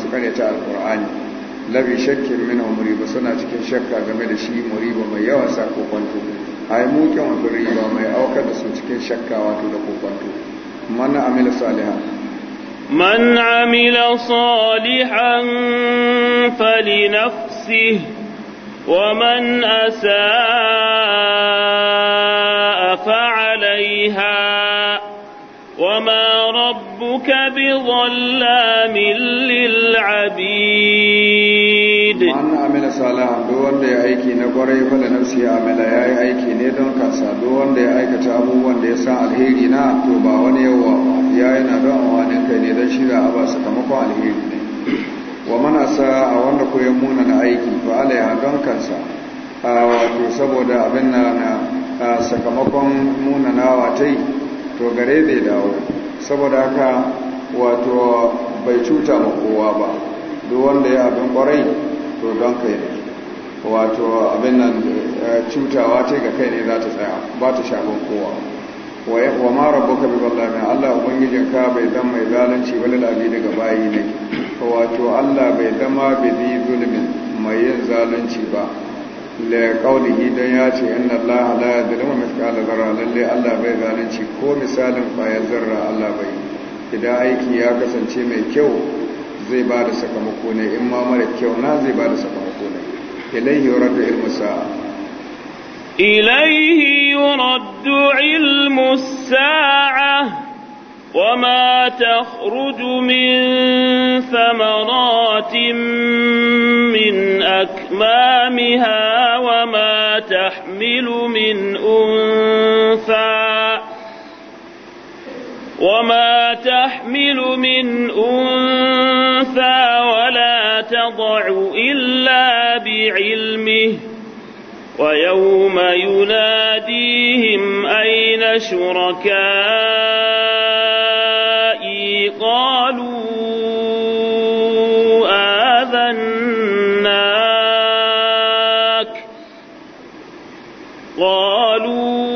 masu karyata alkur'ani labi shakkin min muriba suna cikin shakka game da shi muriba mai yawa sa kokonto ai mukin wa riba mai aukar da su cikin shakka wato da kokonto man amila salihan man amila salihan fali nafsi wa man asaa fa alaiha وما ربك بظلام للعبيد وأن عمل صالحا دون دي أيكي نقري فلنفسي عمل يا أيكي ندون كنسا دون دي أيكي تابوان دي سا الهيري نا توبا ونيوا يا ينا دون وانك ندون شيرا أبا سكمكو الهيري wa mana sa a wanda ko ya munana aiki fa alaiha don kansa wato saboda abin na sakamakon munanawa ta yi to gare zai dawo saboda haka wato bai cuta ma kowa ba duk wanda ya abin kwarai to don kai ne wato abin nan eh, cutawa ce ga kai ne za ta tsaya ba ta shafin kowa wa ma ka bi zallamin Allah ka bai zan mai zalunci wani labi daga bayi ne wato Allah bai zama bi zulmin mai yin zalunci ba la qawlihi dan ya ce inna allaha la yadhlimu mithqala dharra lalle allah bai zalunci ko misalin kwayar zarra allah bai idan aiki ya kasance mai kyau zai ba da sakamako ne in ma mara kyau na zai ba da sakamako ne ilaihi yuraddu ilmu sa'a ilaihi yuraddu ilmu sa'a وما تخرج من ثمرات من أكمامها وما تحمل من أنثى وما تحمل من أنثى ولا تضع إلا بعلمه ويوم يناديهم أين شركاء قالوا آذناك قالوا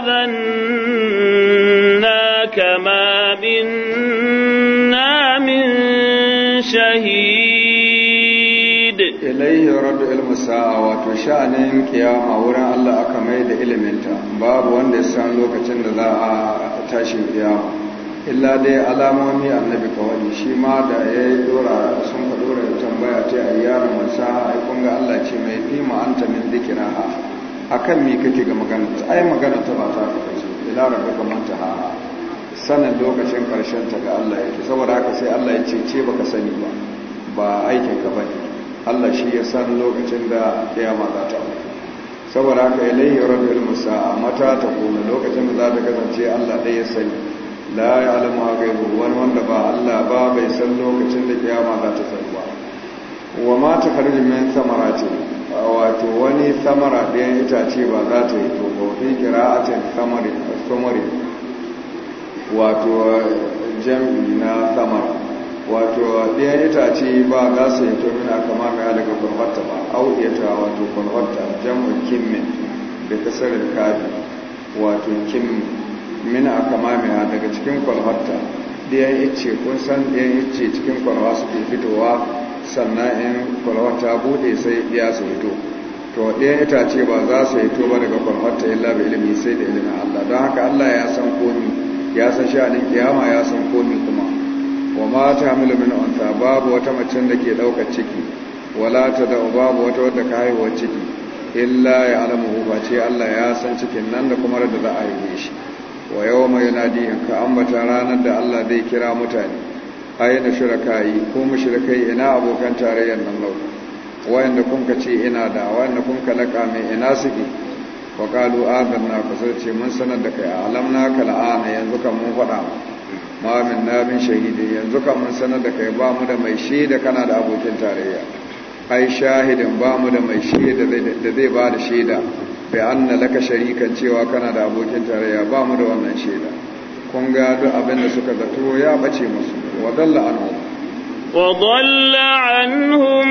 آذناك ما منا من شهيد إليه رد المساء وتشأن قيامة أورا الله أكمل إلمنتا باب وندسان لوكتن ذا tashin kiyama illa dai alamomi annabi kawai shi ma da ya yi dora sun ka dora da tambaya ta a yara masa ai kun ga Allah ce mai fi ma'anta min zikira ha akan me kake ga magana ta ai magana ta ba ta kace ila rabbika muntaha sanin lokacin karshen ta ga Allah yake saboda haka sai Allah ya ce ce baka sani ba ba aikin ka bane Allah shi ya san lokacin da kiyama za ta zo saboda haka ilayhi rabbul musa mata ta kuma lokacin da za ta kasance Allah ɗaya ya sani la ya'lamu yi wani wanda ba Allah ba bai san lokacin da kiyama za ta ba. wa ma ta kharju min ce, wato wani samara ɗayan itace ba za ta yi to ba fi a can samari wato jam'i na samara wato ita itace ba za su yi na kama ga daga kwanwata ba audiyata wato kwanwata jam'ar kimmin da kasarar kabi wato kimmin mina a kama mai daga cikin kwalwata ɗayan ice kun san ɗayan ice cikin su ke fitowa sannan in kwanwata buɗe sai ɗaya su fito to ita itace ba za su yi toba daga kwanwata illa bai ilimi sai da ilimin allah don haka allah ya san komi ya san sha'anin kiyama ya san komi kuma wa ma ta hamilu min unsa babu wata macen da ke daukar ciki wala ta da babu wata wadda ka haihuwa ciki illa ya alamu ba ce Allah ya san cikin nan da kuma da za a haife shi wa yau mai in ka ambata ranar da Allah zai kira mutane ayyana shirakai ko mushrikai ina abokan tarayyar nan lau wayanda kun ka ce ina da wayanda kun ka laka mai ina suke wa qalu na kusurce mun sanar da kai alamna kala'ana yanzu kan mun faɗa ma min na min shahidi yanzu kan mun sanar da kai ba mu da mai shaida kana da abokin tarayya ai shahidin ba mu da mai shaida da zai ba da shaida bai anna laka sharikan cewa kana da abokin tarayya ba mu da wannan shaida kun ga duk abin da suka zato ya bace musu wa dalla anhum wa dalla anhum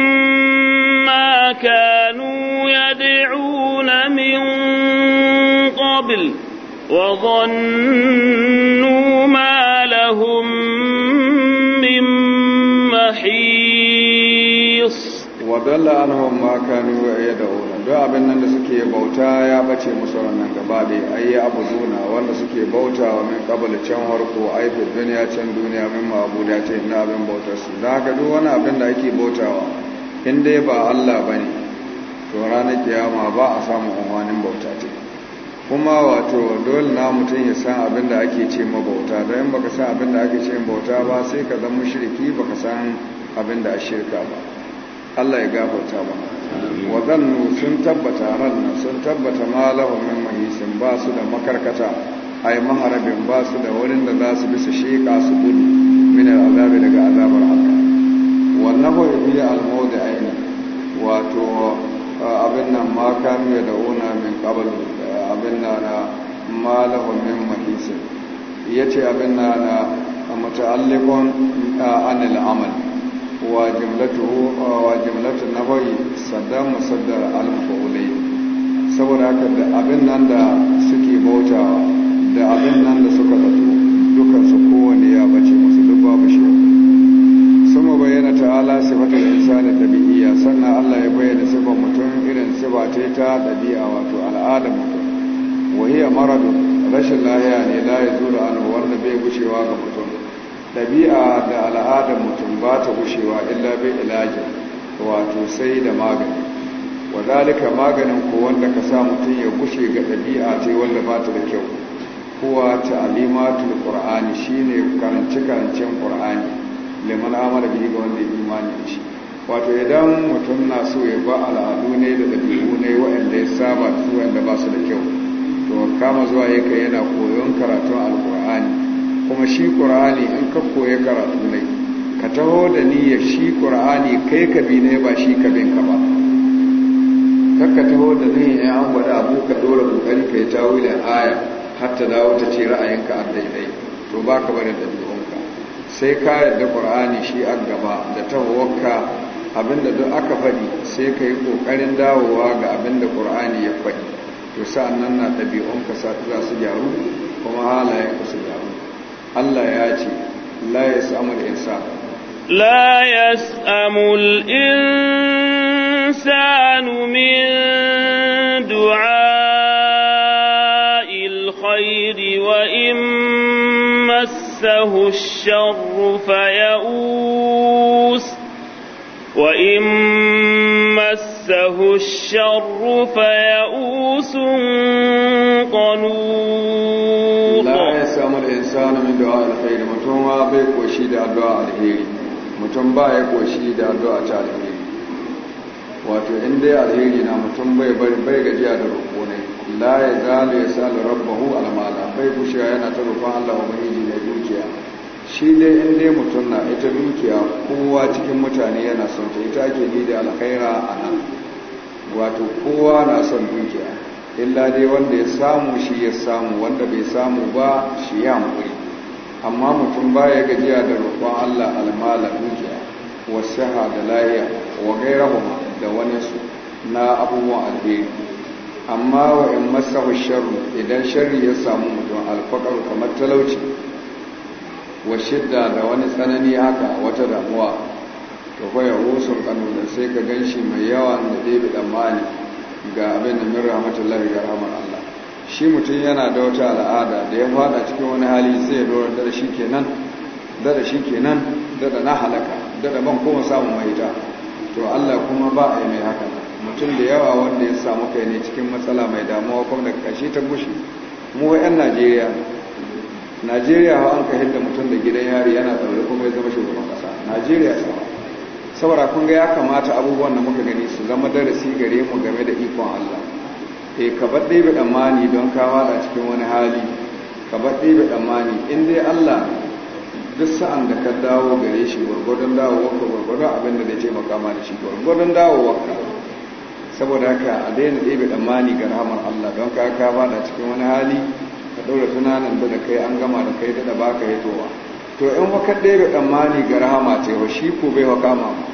ma kanu yad'una min qabl wa dhanna dalla anhum ma kanu yad'un duk abin nan da suke bauta ya bace musu wannan gaba da ayi abuzuna wanda suke bauta wa min qabla can harko ai fi duniya can duniya min ma'buda ce ina abin bautar su da ka duk wani abin da ake bautawa in dai ba Allah bane to ranar kiyama ba a samu umarnin bauta ce kuma wato dole na mutum ya san abin da ake ce mabauta don in baka san abin da ake ce bauta ba sai ka zama ba baka san abin da a shirka ba Allah ya gafarta ba wa sun tabbata ranna sun tabbata ma lahu min mahisin ba su da makarkata ai maharabin ba su da wurin da za su bisa sheka su gudu min azabi daga azabar haka wannan ko yi al-mawdi aini wato abin nan ma kanu da una min qabl abin nan ma lahu min mahisin yace abin nan muta'allikon anil amali. wa na wa jimlatu nabawi sadda musaddar al-mafa'ulai saboda haka da abin nan da suke bautawa da abin nan da suka zato dukan su kowane ya bace musu duk babu shi sama bayyana ta'ala sifatul insani tabi'iyya sannan Allah ya bayyana sifar mutum irin sifa ta dabi'a wato al'adar mutum wa hiya rashin lahiya ne la zura anhu da bai gushewa ga mutum dabi'a da al'adar mutum ba ta gushewa illa bai ilaji wato sai da magani wadalika maganin ko wanda ka sa mutum ya gushe ga ɗabi'a ce wanda ba ta da kyau kuwa ta'alimatul shi shine karance karancen ƙur'ani. liman amara biyu ga wanda ya imani shi wato idan mutum na so ya ba al'adu ne da ɗabi'u ne waanda ya saba su wanda ba su da kyau to kama zuwa ya kai yana koyon karatun alqur'ani kuma shi ƙur'ani in ka koya karatu ne ka taho da niyyar shi ƙur'ani kai ka bi ne ba shi ka bin ka ba ka taho da ni ya an gwada abu ka dora kokari ka yi tawo da aya har ta dawo ta ce ra'ayinka a daidai to ba ka barin ɗabi'unka sai ka yarda ƙura'ani shi an gaba da tahowarka abinda duk aka faɗi sai ka yi ƙoƙarin dawowa ga abinda ƙura'ani ya faɗi to sa'an nan na ɗabi'unka za su gyaru kuma halayenka su gyaru Allah ya ce la ya samu da insa لا يسأم الإنسان من دعاء الخير وإن مسه الشر فيئوس وإن مسه الشر فيئوس قنوط لا يسأم الإنسان من دعاء الخير متوما بك وشيد دعاء الخير mutum ba ya koshi da addu'a ta alheri wato indai ya alheri na mutum bai bai gajiya da roƙo ne la ya zalu ya salu rabbahu almala bai bushewa yana ta roƙon Allah ubangiji na dukiya shi dai in mutum na ita dukiya kowa cikin mutane yana son ta ita ake ni da alkhaira a nan wato kowa na son dukiya illa dai wanda ya samu shi ya samu wanda bai samu ba shi ya hankali amma mutum baya gajiya da roƙon Allah almala dukiya wasiha da layya wa gairahuma da wani su na abubuwan alheri amma wa in masahu sharru idan sharri ya samu mutum alfakar kamar talauci wa shidda da wani tsanani haka wata damuwa to fa ya kanu da sai ka ganshi mai yawan da dai bi mali ga abin da mun rahmatullahi ga rahmar Allah shi mutum yana da wata al'ada da ya fada cikin wani hali sai ya dora dada shi kenan dada shi kenan dada na halaka dada ban kuma samun maita to Allah kuma ba a yi mai haka mutum da yawa wanda ya samu kai ne cikin matsala mai damuwa kuma daga kashi ta gushi. mu yan Najeriya Najeriya ha an ka hidda mutum da gidan yari yana tsare kuma ya zama shugaban kasa Najeriya ta saboda kun ya kamata abubuwan da muka gani su zama darasi gare mu game da ikon Allah e ka baɗe ɗebe tsammani don ka a cikin wani hali ka baɗe ɗebe tsammani in dai Allah duk sa'an da ka dawo gare shi gwargwadon dawowarka gwargwadon abin da zai ce ma da shi gwargwadon dawowarka saboda haka a daina ɗebe tsammani ga rahamar Allah don ka ka da cikin wani hali ka ɗaura tunanin da kai an gama da kai da ba ka yi towa to in wakar ɗebe tsammani ga rahama ce wa shi ko bai wa ba.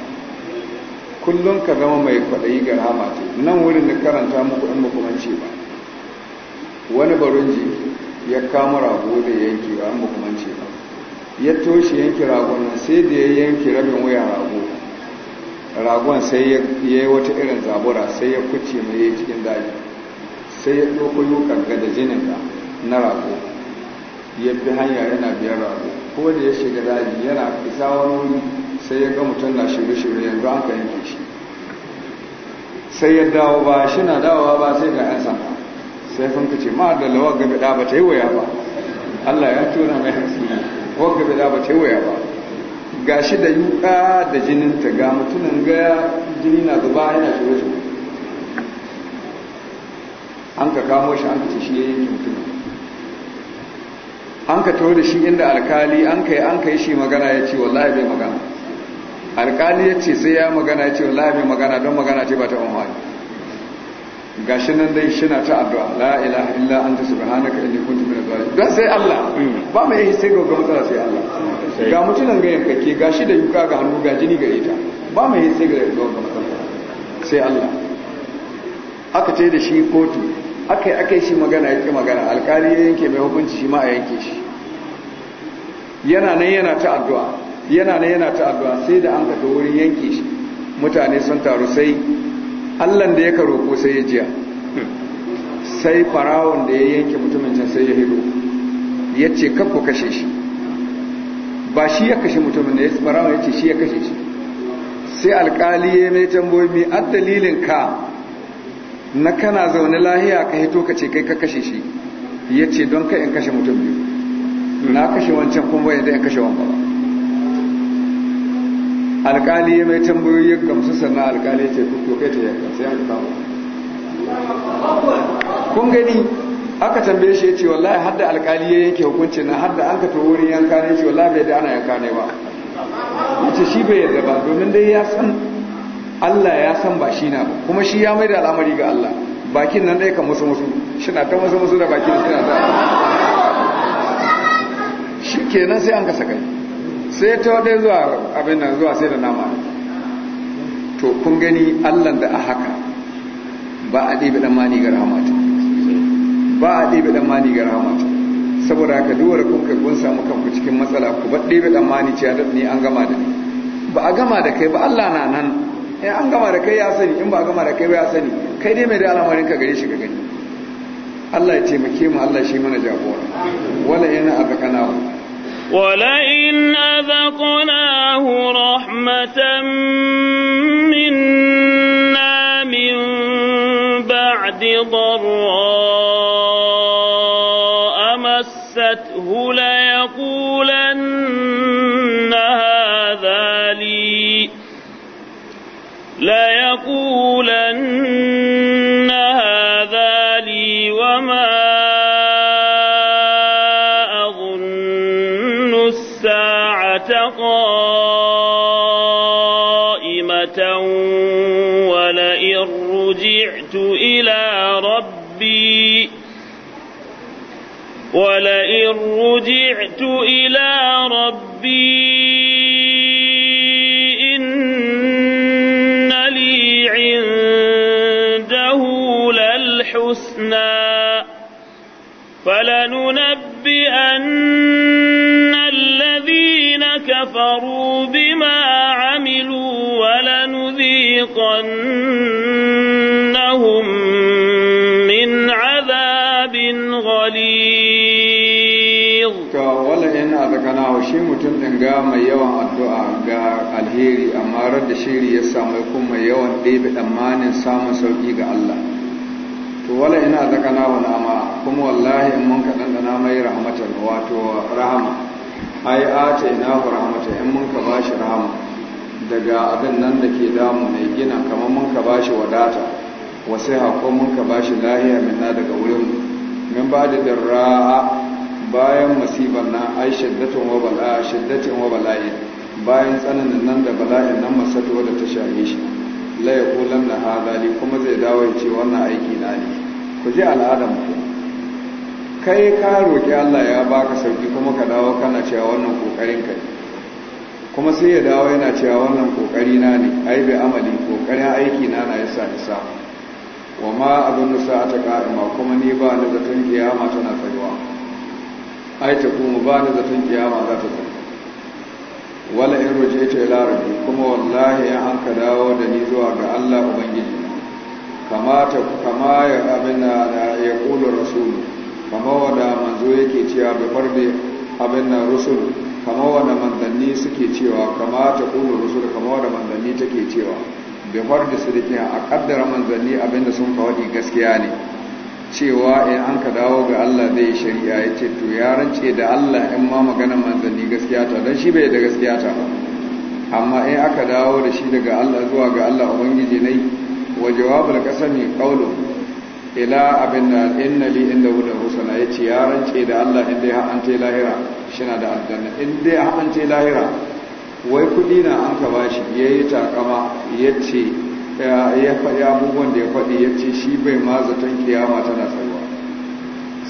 kullum ka zama mai kwaɗayi ga rama ce nan wurin da karanta muku in makamanci ba wani barunji ya kama rago da yanki ba in makamanci ba ya toshe yanki ragon nan sai da ya yanki rabin wuya rago ragon sai ya yi wata irin zabura sai ya kuce mai yi cikin daji sai ya ɗauko yukan ga da jinin na rago ya bi hanya yana biyar rago ko da ya shiga daji yana isa wani wuri sai ya ga mutum na shirye-shirye yanzu an ka yanke shi sai ya dawo ba shi na dawowa ba sai ga 'yan sai sun ka ce ma'ar da lawar gabi da ba ta yi waya ba Allah ya tura mai ne lawar gabi da ba ta yi waya ba ga shi da yuka da jininta ga mutunan gaya jini na zuba yana shiro shi an ka kamo shi an ka ce shi ya yi mutumin an ka taho da shi inda alkali an an ka yi shi magana ya ce wallahi bai magana alkali ya ce sai ya magana ya ce wallahi mai magana don magana ce ba ta ga shi nan dai shi na ta addu'a la ilaha illa anta subhanaka inni kuntu minaz zalimin don sai Allah mm. ba mai yi sai ga matsala sai Allah ga mutunan ga ga shi da yuka ga hannu ga jini ga ita ba mai yi sai ga matsala sai Allah aka ce da shi kotu aka yi shi magana ya magana alkali yanke mai hukunci shi ma a yanke shi yana nan yana ta addu'a yana na yana ta addu'a sai da an kafa wurin yanki shi mutane sun taru sai allan da ya ka ko sai ya jiya sai farawon da ya yanki mutumin can sai ya hido ya ce kakko kashe shi ba shi ya kashe mutumin da ya farawon ya ce shi ya kashe shi sai alkali ya mai tamboyi mai ad dalilin ka na kana zaune lahiya ka hito ka ce kai ka kashe shi ya ce don ka in kashe mutum biyu na kashe wancan kuma yadda in kashe wanda ba alkali ya mai tambayoyi ya gamsu sannan alkali ya ce to kai ta yanka sai an kawo kun gani aka tambaye shi ya ce wallahi hadda alkali ya yanke hukuncin na hadda an ka to wurin yanka ne ce wallahi bai da ana yanka ne ba ce shi bai yarda ba domin dai ya san Allah ya san ba shi na ba kuma shi ya mai da al'amari ga Allah bakin nan dai ka musu musu shi na ta musu musu da bakin shi na ta shi kenan sai an ka sakai sai ta wadai zuwa abin nan zuwa sai da nama to kun gani allan da a haka ba a ɗebe ɗan mani ga rahamata ba a ɗebe ɗan mani ga rahamata saboda haka duwar kun kai kun samu kanku cikin matsala ku ba ɗebe ɗan mani ce da ni an gama da ni ba a gama da kai ba allah na nan in eh, an gama da kai ya sani in ba a gama da kai ba ya sani kai dai mai da alamarin ka gare shi ka gani Allah ya taimake mu Allah shi mana jagora wala yana azakanahu ولئن أذقناه رحمة منا من بعد ضرّاء ربي ولئن رجعت إلى ربي إن لي عنده للحسنى فلننبئن الذين كفروا بما عملوا ولنذيقن haushe mutum ɗin ga mai yawan addu'a ga alheri amma rar da shiri ya samu kuma yawan ɗebe tsammanin samun sauƙi ga Allah to wala ina zakana wa nama kuma wallahi in mun ka na mai rahmatan wato rahama ai ce ina ku rahmata in mun ka shi rahama daga abin nan da ke damu mai gina kamar mun ka shi wadata wasai ko mun ka shi lahiya minna daga wurin min ba da ra'a. bayan masibar nan ai wa wa bala'in bayan tsananin nan da bala'in nan masatu wadda ta shaye shi la kulan na hadali kuma zai dawo ya ce wannan aiki na ne ku ji al'adam ku kai ka roƙi Allah ya baka sauki kuma ka dawo kana cewa wannan kokarin ka kuma sai ya dawo yana cewa wannan kokari na ne ai bai amali kokarin aiki na na yasa sa. wa ma abun nusa ta kuma ni ba ni zaton kiyama tana tsayawa ai ta kuma ba ni zaton kiyama za ta zama wala in ruje ta ila rabbi kuma wallahi ya an ka dawo da ni zuwa ga Allah ubangiji kamata kama ya abinna na ya kula rasulu kama wada manzo yake cewa bi farde na rasulu kama wada mandanni suke cewa kama ta kula rasulu kama wada mandanni take cewa bi da sadiqin a kaddara manzanni abinda sun kawadi gaskiya ne cewa in an ka dawo ga Allah zai shari'a ya ce to ya rance da Allah in ma magana manzanni gaskiya ta don shi bai da gaskiya ta ba amma in aka dawo da shi daga Allah zuwa ga Allah ubangiji ne wa jawabul qasami qawlu ila abin da inna li inda wuda husana ya ce ya rance da Allah in dai an ce lahira na da aljanna in dai an ce lahira wai kudi na an ka bashi yayi takama yace ya faɗi abubuwan da ya faɗi ya ce shi bai ma zaton kiyama tana tsayuwa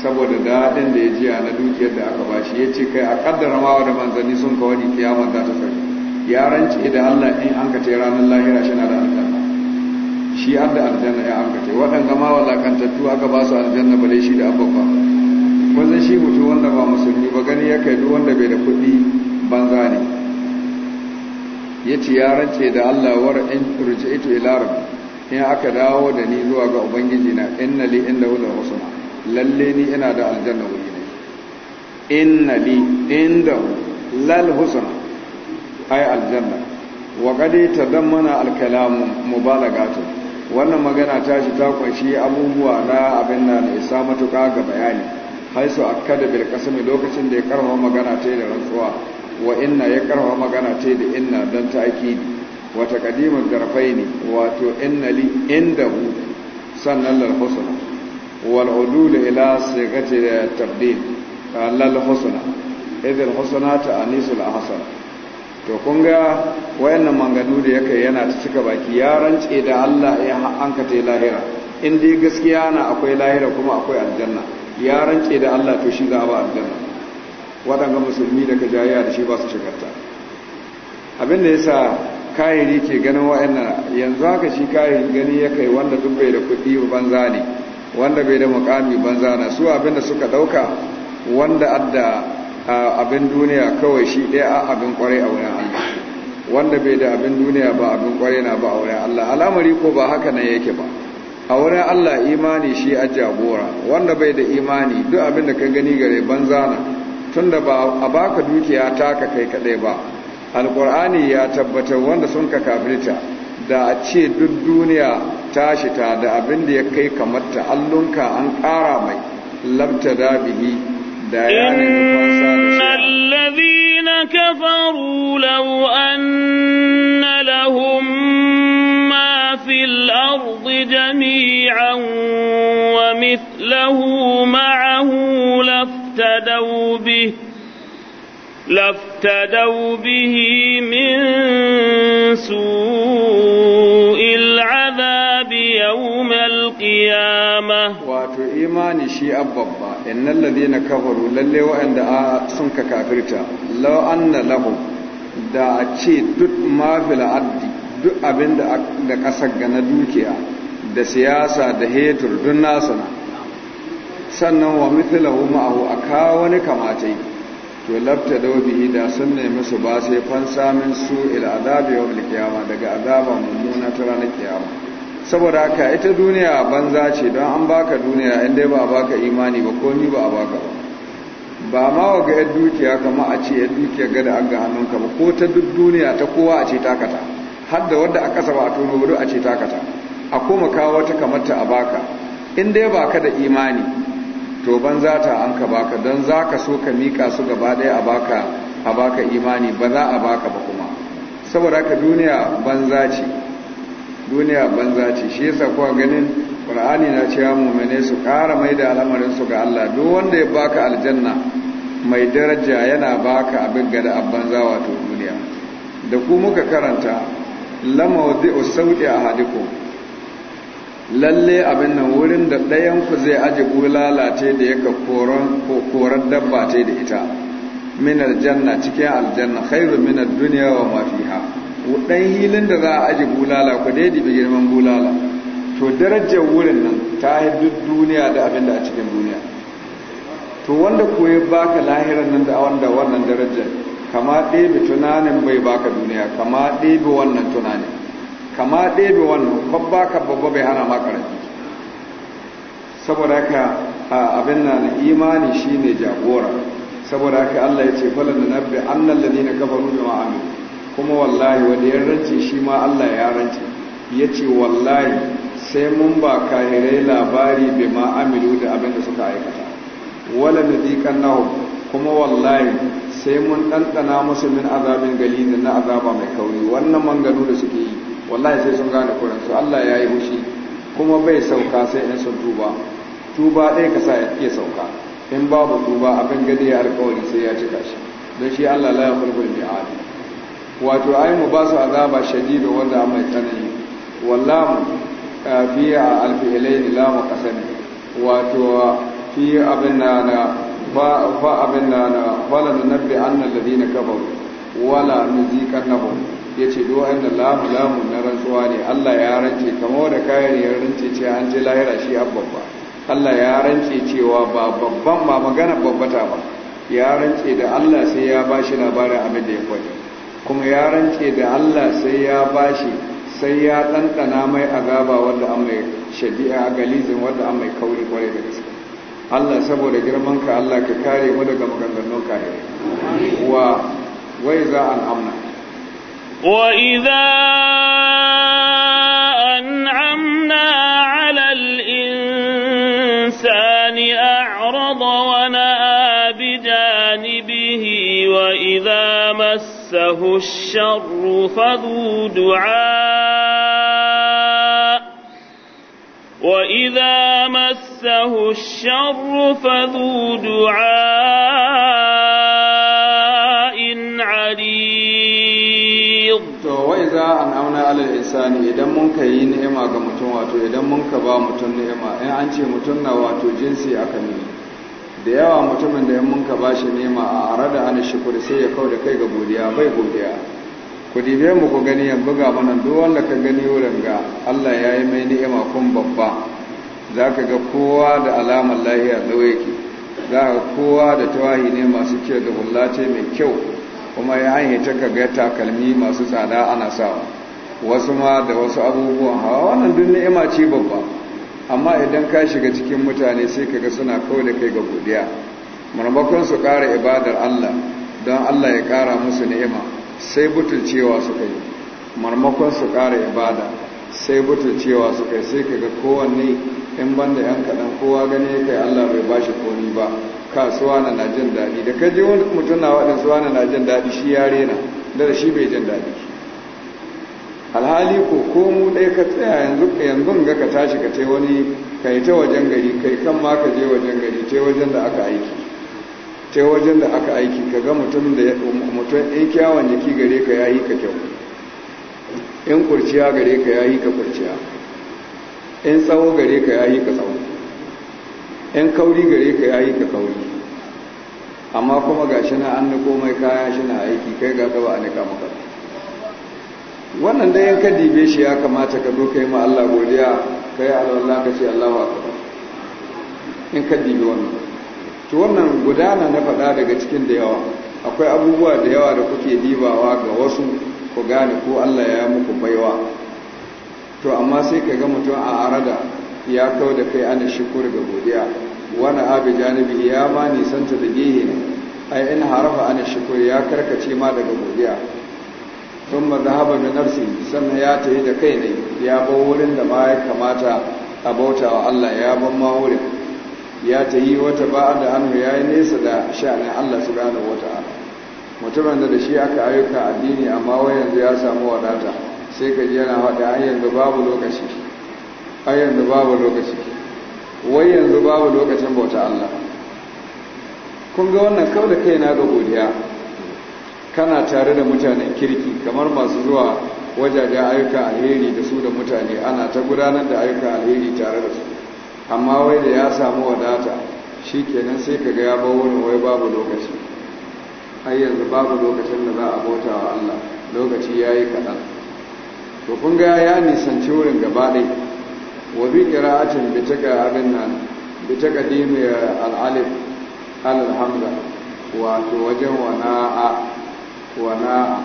saboda daɗin da ya jiya na dukiyar da aka bashi ya ce kai a ƙaddara wa da manzanni sun ka kiyama za ta tsayu ya rance da allah in an kace ranar lahira shi na da aljanna shi an da aljanna ya an kace waɗanda ma lakantattu aka ba su aljanna bale shi da abubuwa wanzan shi mutum wanda ba musulmi ba gani ya kai duk wanda bai da kuɗi banza ne yace ya rance da Allah war in ito ila rabbi in aka dawo da ni zuwa ga ubangiji na inna li inda wala husna lalle ni ina da aljanna wuri ne inna li inda lal husna ay aljanna wa ta tadammana al kalam mubalagatu wannan magana ta shi ta kunshi abubuwa na abin nan da isa matuƙa ga bayani haisu akada bil qasmi lokacin da ya karma magana ta da rantsuwa wa inna ya karfa magana ce da inna don wata wa garfai ne wato inna li inda hu sannan lal husna wal udul ila sigati tabdil lal lalhusuna idil husna ta anisul ahsan to kun ga wayannan manganu da yake yana ta cika baki ya rance da Allah ya hanka ta lahira in dai gaskiya na akwai lahira kuma akwai aljanna ya rance da Allah to shi za a ba aljanna waɗanda musulmi daga jayayya da shi ba su shigarta abinda ya sa kayiri ke ganin wa'annan yanzu haka shi kayiri gani ya kai wanda duk bai da kuɗi banza ne wanda bai da mukami banza na su abinda suka ɗauka wanda adda abin duniya kawai shi ɗaya abin kwarai a wurin allah wanda bai da abin duniya ba abin kwarai na ba a wurin allah al'amari ko ba haka nan yake ba a wurin allah imani shi a jagora wanda bai da imani duk abin da ka gani gare banza na tunda ba a baka dukiya ta ka kai kadai ba alkur'ani ya tabbatar wanda sun ka kafirta da a ce duk duniya tashi ta da abin da ya kai kamar allunka an ƙara mai labta da bihi da ya nemi kafaru جميعا ومثله معه لافتدوا به لافتدوا به من سوء العذاب يوم القيامة واتو إيماني شيء أبابا إن الذين كفروا للي وأن سنك كافرتا لو أن لهم da a ce ما في الأرض duk abin da ƙasar ga na da siyasa da hetur dun nasa na sannan wa mithlahu ma'ahu a kawo wani kamatai to labta da wabihi da sun nemi su ba sai fansa min su ila azabi wa kiyama daga azaba mummuna ta ranar kiyama saboda haka ita duniya banza ce don an baka duniya in dai ba a baka imani ba komi ba a baka ba ba ma wa ga yar dukiya kama a ce yar dukiya ga da ga hannunka ba ko ta duk duniya ta kowa a ce takata har da wadda a kasa ba a tono wuri a ce takata a kuma kawo wata kamata a baka in dai baka da imani to ban za ta an ka baka don za ka so ka miƙa su gaba ɗaya a baka imani ba za a baka ba kuma saboda ka duniya banza ce duniya banza ce shi yasa kuwa ganin ƙur'ani na cewa mu'mine su ƙara mai da al'amarin su ga Allah duk wanda ya baka aljanna mai daraja yana baka abin gada a abanza wato duniya da ku muka karanta lamawdi'u a hadikun lalle abin nan wurin da ɗayanku zai aji bulala ce da yaka korar dabba ce da ita minar janna cikin aljanna khairu min duniya wa ma fiha ɗan hilin da za a aji bulala ku dai dibi girman bulala to darajar wurin nan ta yi duk duniya da abin da a cikin duniya to wanda koyi baka lahirar nan da wanda wannan darajar kama ɗebe tunanin bai baka duniya kama ɗebe wannan tunanin kama ɗebe wannan babba ka babba bai hana ma karami saboda haka abin nan imani shine jagora saboda haka Allah ya ce falon da nabbi annal na gabaru da ma'amu kuma wallahi wanda ya rance shi ma Allah ya rance Ya ce wallahi sai mun ba kahirai labari ma amilu da abin da suka aikata wala nadiqannahu kuma wallahi sai mun ɗanɗana musu min azabin da na azaba mai kauri wannan manganu da suke yi wallahi sai sun gane kurin su Allah ya yi hushi kuma bai sauka sai in sun tuba tuba ɗaya ka sa iya sauka in babu tuba abin gade ya alkawari sai ya cika shi don shi Allah la ya kulkul bi adi wato ai mu ba su azaba shadidu wanda mai tsanani wallahu fiya alfi'ilain la kasani wato fi abin na na fa abin na na wala nunabbi anna ladina kafaru wala nuziqannahum ya ce duwa inda lamu lamu na rantsuwa ne Allah ya rance kamar da kayan ya rance ce an ji lahira shi a babba Allah ya rance cewa ba babban ba magana babbata ba ya rance da Allah sai ya ba shi labarin abin da ya kwaje kuma ya rance da Allah sai ya ba shi sai ya ɗanɗana mai azaba wadda an mai shadi'a a galizin wadda an mai kauri kwarai da gaske Allah saboda girman ka Allah ka kare mu daga maganganun kare, wa wai za an amna وإذا أنعمنا على الإنسان أعرض ونأى بجانبه وإذا مسه الشر فذو دعاء وإذا مسه الشر فذو دعاء iza an auna alal insani idan mun ka yi ni'ima ga mutum wato idan mun ka ba mutum ni'ima in an ce mutum na wato jinsi aka ne da yawa mutumin da mun ka ba shi nema a ara da ana shukuri sai ya kau da kai ga godiya bai godiya ku dibe mu ku gani ya buga mana duk wanda ka gani wurin ga Allah ya yi mai ni'ima kun babba za ka ga kowa da alamar lahiya lau yake za ka kowa da tawahi ne masu ce da bullace mai kyau kuma ya yi ta kaga takalmi masu tsada ana sawa wasu ma da wasu abubuwan hawa wannan duk ni'ima ce babba amma idan ka shiga cikin mutane sai kaga suna kawai da kai ga godiya marmakon su ƙara ibadar Allah don Allah ya ƙara musu ni'ima sai butulcewa su kai marmakon su ƙara ibada sai butulcewa su kai sai kaga kowanne in banda yan kaɗan kowa gane kai Allah bai bashi komi ba kasuwa na na jin daɗi da kaji wani mutum na waɗin suwa na jin daɗi shi ya rena da shi bai jin daɗi alhali ko komu mu ɗaya ka tsaya yanzu yanzu ga ka tashi ka ce wani ka yi ta wajen gari kai kan ma ka je wajen gari ce wajen da aka aiki ce wajen da aka aiki ka ga mutum da mutum in kyawun jiki gare ka ya yi ka kyau in kurciya gare ka ya yi ka kurciya in tsawo gare ka ya yi ka tsawo in kauri gare ka yayi ka kauri amma kuma ga shi na an niko mai kaya shi na aiki kai ga gaba a nika maka wannan da yanka dibe shi ya kamata ka zo kai ma Allah godiya kai alwala ka ce Allahu akbar in ka dibe wannan to wannan gudana na faɗa daga cikin da yawa akwai abubuwa da yawa da kuke dibawa ga wasu ku gane ko Allah ya muku baiwa to amma sai ka ga mutum a arada ya kawo da kai ana shukur ga godiya wani abu janibi ya ma nisanta da gehe ne ai in harafa ana shukur ya karkace ma daga godiya sun mazahaba min narsi sannan ya tafi da kai ne ya bar wurin da ma ya kamata a bauta wa Allah ya ban ma wurin ya tafi wata ba da hannu ya yi nesa da sha'anin Allah su wa wata mutumin da da shi aka ayyuka addini amma wai yanzu ya samu wadata sai ka ji yana faɗi har yanzu babu lokaci a yanzu babu lokaci wai yanzu babu lokacin bauta Allah kun ga wannan kawai da kai na ga godiya kana tare da mutanen kirki kamar masu zuwa wajajen ayyuka alheri da su da mutane ana ta gudanar da ayyuka alheri tare da su amma wai da ya samu wadata shi kenan sai ka ga ya bar wai babu lokaci har yanzu babu lokacin da za a bauta wa Allah lokaci ya yi kaɗan to kun ga ya nisanci wurin gaba ɗaya wa bi qira'atin bi taka abin nan bi taka dimi al-alif hamza wato wajen wana'a wana'a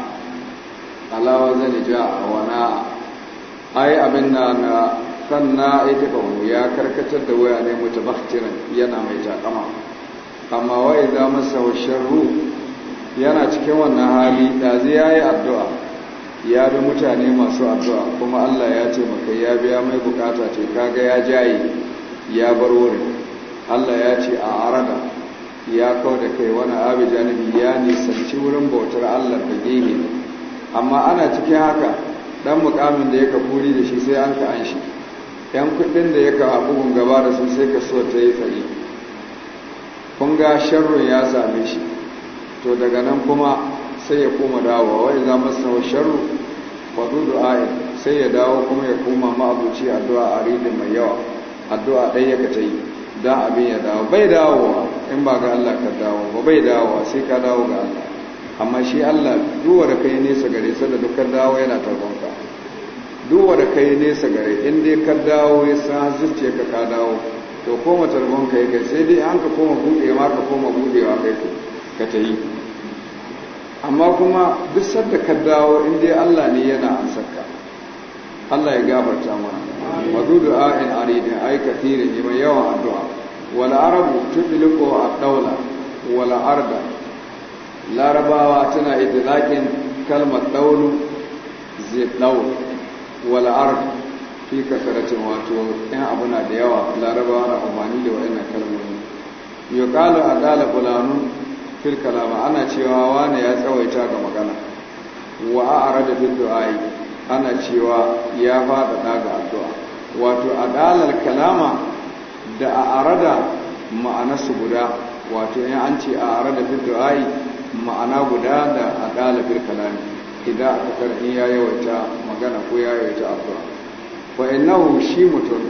alawa zan a wana'a ai abin nan sanna ita kawo ya karkatar da waya ne mutabaktiran yana mai takama amma wa idza masa sharru yana cikin wannan hali da ya yi addu'a ya bi mutane masu addu'a kuma Allah ya ce maka ya biya mai bukata ce kaga ya jaye ya bar wurin Allah ya ce a arada ya kawo da kai wani abu janibi ya nisanci wurin bautar Allah da gehe amma ana cikin haka dan mukamin da ya ka kuri da shi sai an ka an shi yan kuɗin da ya ka bugun gaba da su sai ka so ta yi fari kun ga sharrun ya same shi to daga nan kuma sai ya koma dawowa wani za masa wa sharru fadu du'a sai ya dawo kuma ya koma ma'abuci addu'a a ridin mai yawa addu'a ɗaya ya yi, don abin ya dawo bai dawowa in ba ga Allah ka dawo ba bai dawowa sai ka dawo ga Allah amma shi Allah duwar ka yi nesa gare sa da dukkan dawo yana ka, duwar ka yi nesa gare in dai ka dawo ya sa zuciya ka ka dawo to koma ka ya kai sai dai an ka koma buɗewa ka koma buɗewa kai ka ta yi amma kuma duk sadda ka dawo in dai Allah ne yana saka. Allah ya gafarta mana wa du'a in aridin ay kathirin ne mai yawan addu'a wal arabu tudliku ad-dawla wal arda larabawa tana idlakin kalmar dawlu zai wal ard fi kasaratin wato 'yan abu na da yawa larabawa na amfani da wa'annan kalmomi a adala fulanun fil kalama ana cewa wane ya tsawaita ga magana wa a'rada bil du'ai ana cewa ya fada ga addu'a wato adalal kalama da a'rada ma'ana su guda wato in an ce a'rada bil du'ai ma'ana guda da adala bil kalami idan aka karin ya yawaita magana ko ya yawaita addu'a fa innahu shi mutum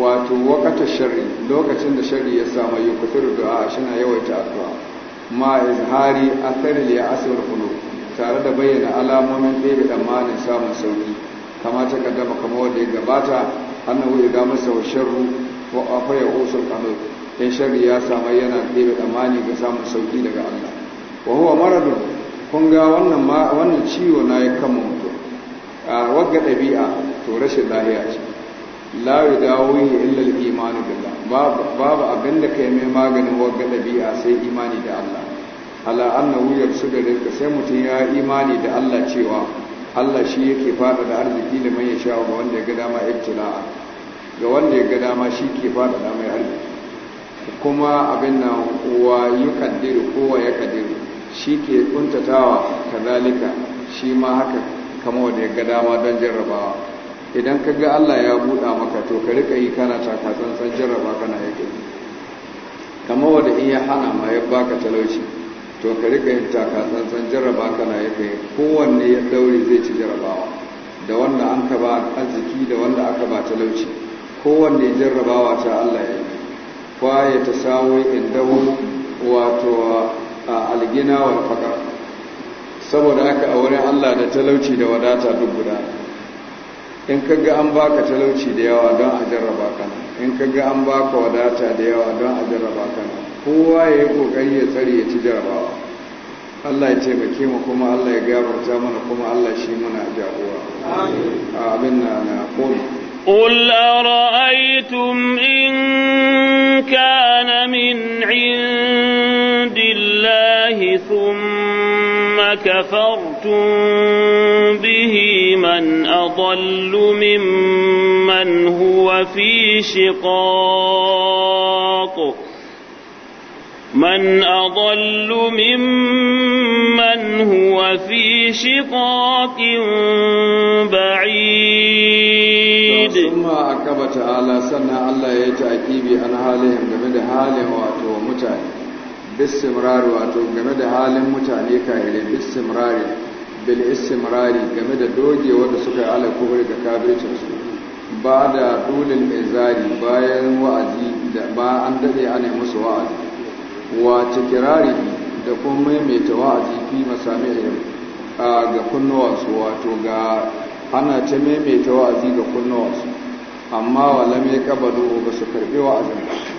wato wakata shari lokacin da shari ya samu yukutur du'a na yawaita addu'a ma izhari athar li asr kulo tare da bayyana alamomin da tsammanin samun sauki kama ta kaddama kama wanda ya gabata annahu ga masa sharru wa afa usul qanut in sharri ya samu yana ɗebe tsammani ga samun sauki daga Allah wa huwa maradun kun ga wannan wannan ciwo na ya kama mutum a wagga ɗabi'a to rashin lafiya ce la yi illa al-iman billah babu babu abin da yi mai maganin wagga ɗabi'a sai imani da Allah ala su da rinka sai mutum ya yi imani da Allah cewa Allah shi yake fada da arziki da mai sha ga wanda ya ga dama ibtila'a ga wanda ya ga dama shi ke fada da mai arziki kuma abin nan wa yukaddiru ko wa yakaddiru shi ke kuntatawa kazalika shi ma haka kama wanda ya gada ma don jarrabawa idan ka ga Allah ya buɗa maka to ka rika yi kana taka tsantsan jarraba kana yake kama wanda in ya hana ma ya baka talauci to ka rika yin taka tsantsan jarraba kana yake kowanne ya daure zai ci jarrabawa da wanda an ka ba arziki da wanda aka ba talauci kowanne jarrabawa ta Allah ya yi fa ya tasawi indahu wato a alginawar faqr saboda haka a wurin Allah da talauci da wadata duk guda in kaga an baka talauci da yawa don a jarraba kana in kaga an baka wadata da yawa don a jarraba kana kowa ya yi kokari ya tsari ya ci jarrabawa Allah ya taimake mu kuma Allah ya gafarta mana kuma Allah shi muna jagora a abin na na komi قل أرأيتم إن كان من عند الله ثم كفرتم به من أضل ممن هو في شقاق من أضل ممن هو في شقاق بعيد ثم أكبت على سنة الله يتأكيبي عن حالهم بمد حالهم وأتوى متعين bisimrari wato game da halin mutane kahire bisimrari bil istimrari game da dogewa da suka yi ala kubri ga su ba da dulin izari bayan wa'azi da ba an dade ana musu wa'azi wa tikirari da kuma maimaita wa'azi fi a ga kunnuwansu wato ga ana ta maimaita wa'azi ga kunnuwansu amma wa lamai kabalu ba su karbi wa'azin ba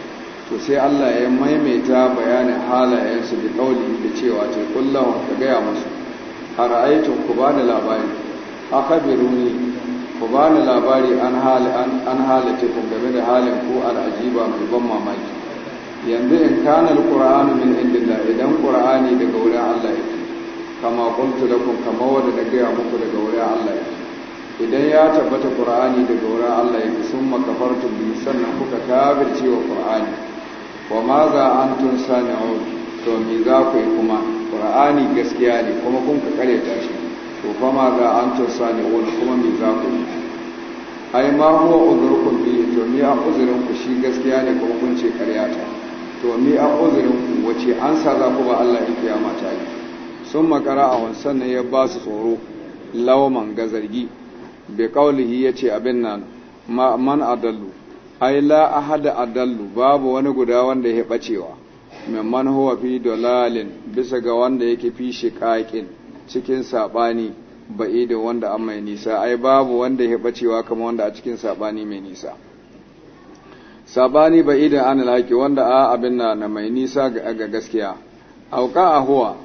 to sai Allah ya maimaita bayanin halayensu da kauli da cewa ce kullahun ka gaya musu a ra'aitun ku ba da labari a ne ku ba da labari an halace ku game da halin ku al'ajiba mai ban mamaki yanzu in kanar alqur'anu min indillah idan ƙura'ani daga wurin Allah yake kama da kun kama wadda na gaya muku daga wurin Allah yake idan ya tabbata ƙura'ani daga wurin Allah yake sun kafartum bi sannan kuka kafirce wa ƙura'ani wa ma za an tun a to mi za ku yi kuma ƙur'ani gaskiya ne kuma kun ka kare ta shi to fa ma za an tun a kuma mi za ku yi ai ma huwa uzurkum bi to mi a uzurin ku shi gaskiya ne kuma kun ce karya ta to mi a uzurin ku wace an sa za ku ba Allah in kiyama ta yi sun makara a wansan ne ya ba su tsoro lawaman ga zargi bai bi ya ce abin nan man adallu ai la ahada adallu babu wani guda wanda ya bacewa mimman huwa fi dalalin bisa ga wanda yake fi shiqaqin cikin sabani ba'i da wanda an mai nisa ai babu wanda ya bacewa kamar wanda a cikin sabani mai nisa sabani ba'i da an laki wanda a abin na na mai nisa ga gaskiya auka huwa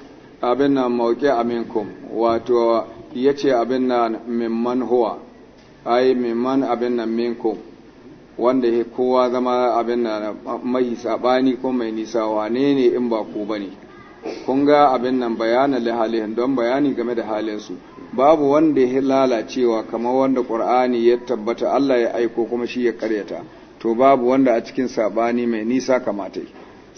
abin na mauki aminkum wato yace abin na mimman huwa ai mimman abin na minkum wanda ya kowa zama abin na mai sabani ko mai nisa wane ne in ba ku bane kun ga abin nan bayanan lihalihin don bayani game da halinsu babu wanda ya lalacewa kamar wanda ƙur'ani ya tabbata Allah ya aiko kuma shi ya karyata to babu wanda a cikin sabani mai nisa kamatai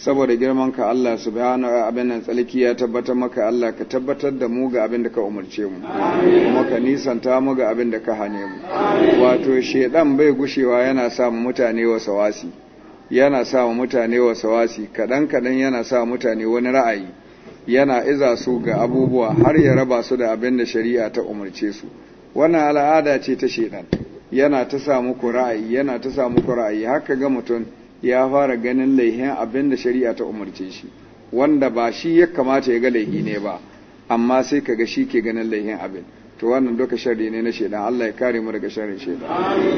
saboda girman ka Allah subhanahu wa abin abinan tsalki ya tabbatar maka Allah ka tabbatar da mu ga abin da ka umarce mu kuma ka nisanta mu ga abin da ka hane mu wato shedan bai gushewa yana sa mutane wasawasi yana sa mutane wasawasi kadan kadan yana sa mutane wani ra'ayi yana iza su ga abubuwa har ya raba su da abin da shari'a ta umarce su wannan al'ada ce ta shedan yana ta sa muku ra'ayi yana ta sa muku ra'ayi haka ga mutum ya fara ganin laihin abin da shari'a ta umarce shi wanda ba shi ya kamata ya ga laihi ne ba amma sai kaga shi ke ganin laihin abin to wannan duka sharri ne na shaidan Allah ya kare mu daga sharrin shaidan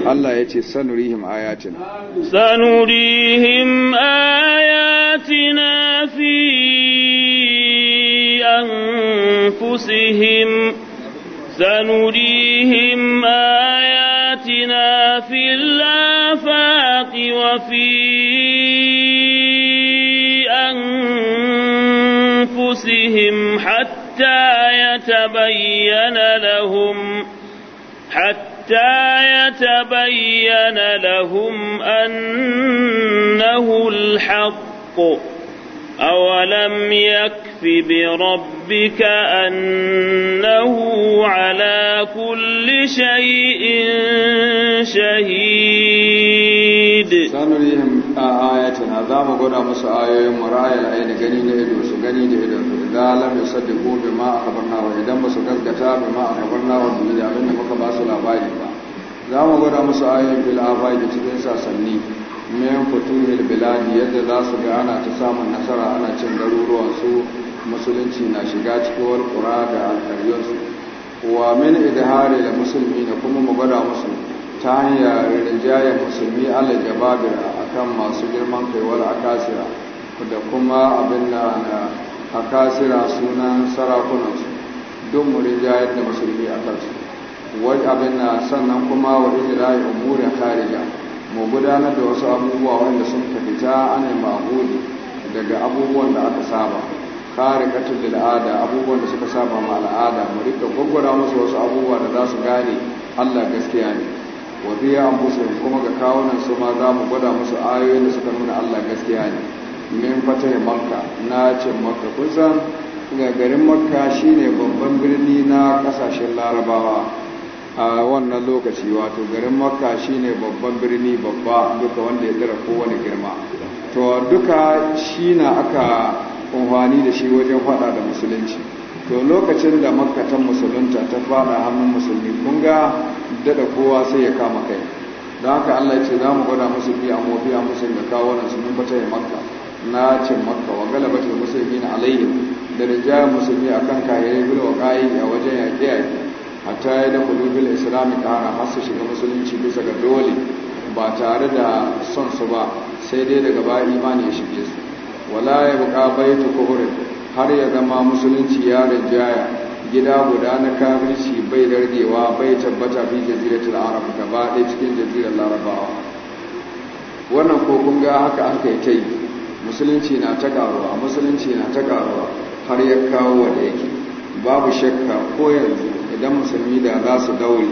Allah ya ce sanurihim ayatina sanurihim ayatina fi anfusihim sanurihim ayatina وفي أنفسهم حتى يتبين لهم حتى يتبين لهم أنه الحق أولم يكف بربك أنه على كل شيء شهيد سنريهم آياتنا ذا مقرأ مسا آية مرايا أين غني لإدو سغني لإدو إذا لم يصدقوا بما أخبرنا وإذا مسكت كتاب بما أخبرنا وإذا من مقباس الأبائي ذا مقرأ مسا آية بالآبائي بتبين ساسنين min futuhil biladi yadda za su ga ana ta samun nasara ana cin garuruwan su musulunci na shiga cikin walƙura da alkaryarsu wa min idhari da musulmi da kuma mu gwada musu ta hanyar rinjayen musulmi ala jababira akan masu girman kaiwar akasira da kuma abin da na a sunan sarakunansu don murin jayar da musulmi a kansu wajen abin na sannan kuma wa ijira'i umurin kharija mu gudanar da wasu abubuwa wanda sun fita fita ana ma'abudi daga abubuwan da aka saba kare katin da al'ada abubuwan da suka saba ma al'ada mu rika gwaggwara musu wasu abubuwa da za su gane Allah gaskiya ne wa biya an kuma ga kawunan su ma za mu gwada musu ayoyin da suka nuna Allah gaskiya ne min ya makka na ce makka kun san ga garin makka shine babban birni na kasashen larabawa a wannan lokaci wato garin makka shine babban birni babba duka wanda ya tsira kowane girma to duka shi na aka amfani da shi wajen fada da musulunci to lokacin da makkatan musulunta ta fada hannun musulmi kun ga dada kowa sai ya kama kai don haka allah ce za mu gwada musu biya mu biya musu da kawo nan sun bata ya makka na cin makka wa galabatul musulmi na alayhim da rijiyar musulmi akan kayayyar gudu wa kayi a wajen yaƙe-yaƙe hatta ya da kulubin islami kara har su shiga musulunci bisa ga dole ba tare da son su ba sai dai daga baya imani ya shige su wala ya buka ta kuhuri har ya zama musulunci ya rinjaya gida guda na kafirci bai dargewa bai tabbata fi jaziratul arab gaba ɗaya cikin jazirar larabawa wannan ko kun ga haka an kai ta yi musulunci na ta karuwa musulunci na ta karuwa har ya kawo wanda yake babu shakka ko yanzu idan musulmi da za su daure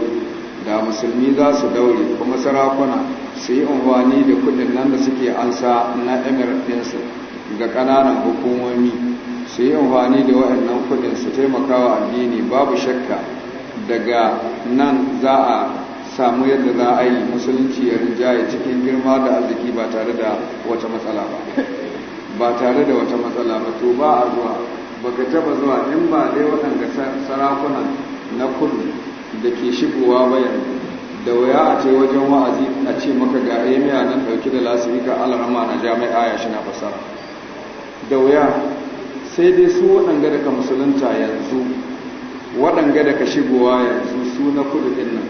da musulmi za su daure kuma sarakuna su yi unwani da kudin nan da suke ansa na emiratinsu ga ƙananan hukumomi su yi unwani da waɗannan kudin su taimaka wa addini babu shakka daga nan za a samu yadda za a yi musulunci ya rinjaye cikin girma da arziki ba tare da wata matsala ba ba tare da wata matsala ba to ba a zuwa baka taba zuwa in ba dai waɗanda sarakunan na kudu da ke shigowa bayan da waya a ce wajen wa'azi a ce maka ga emiya nan ɗauki da lasirika al'amma na jami'a ya shi na fasara da waya sai dai su waɗanga da ka musulunta yanzu waɗanga da ka shigowa yanzu su na kudu ɗin nan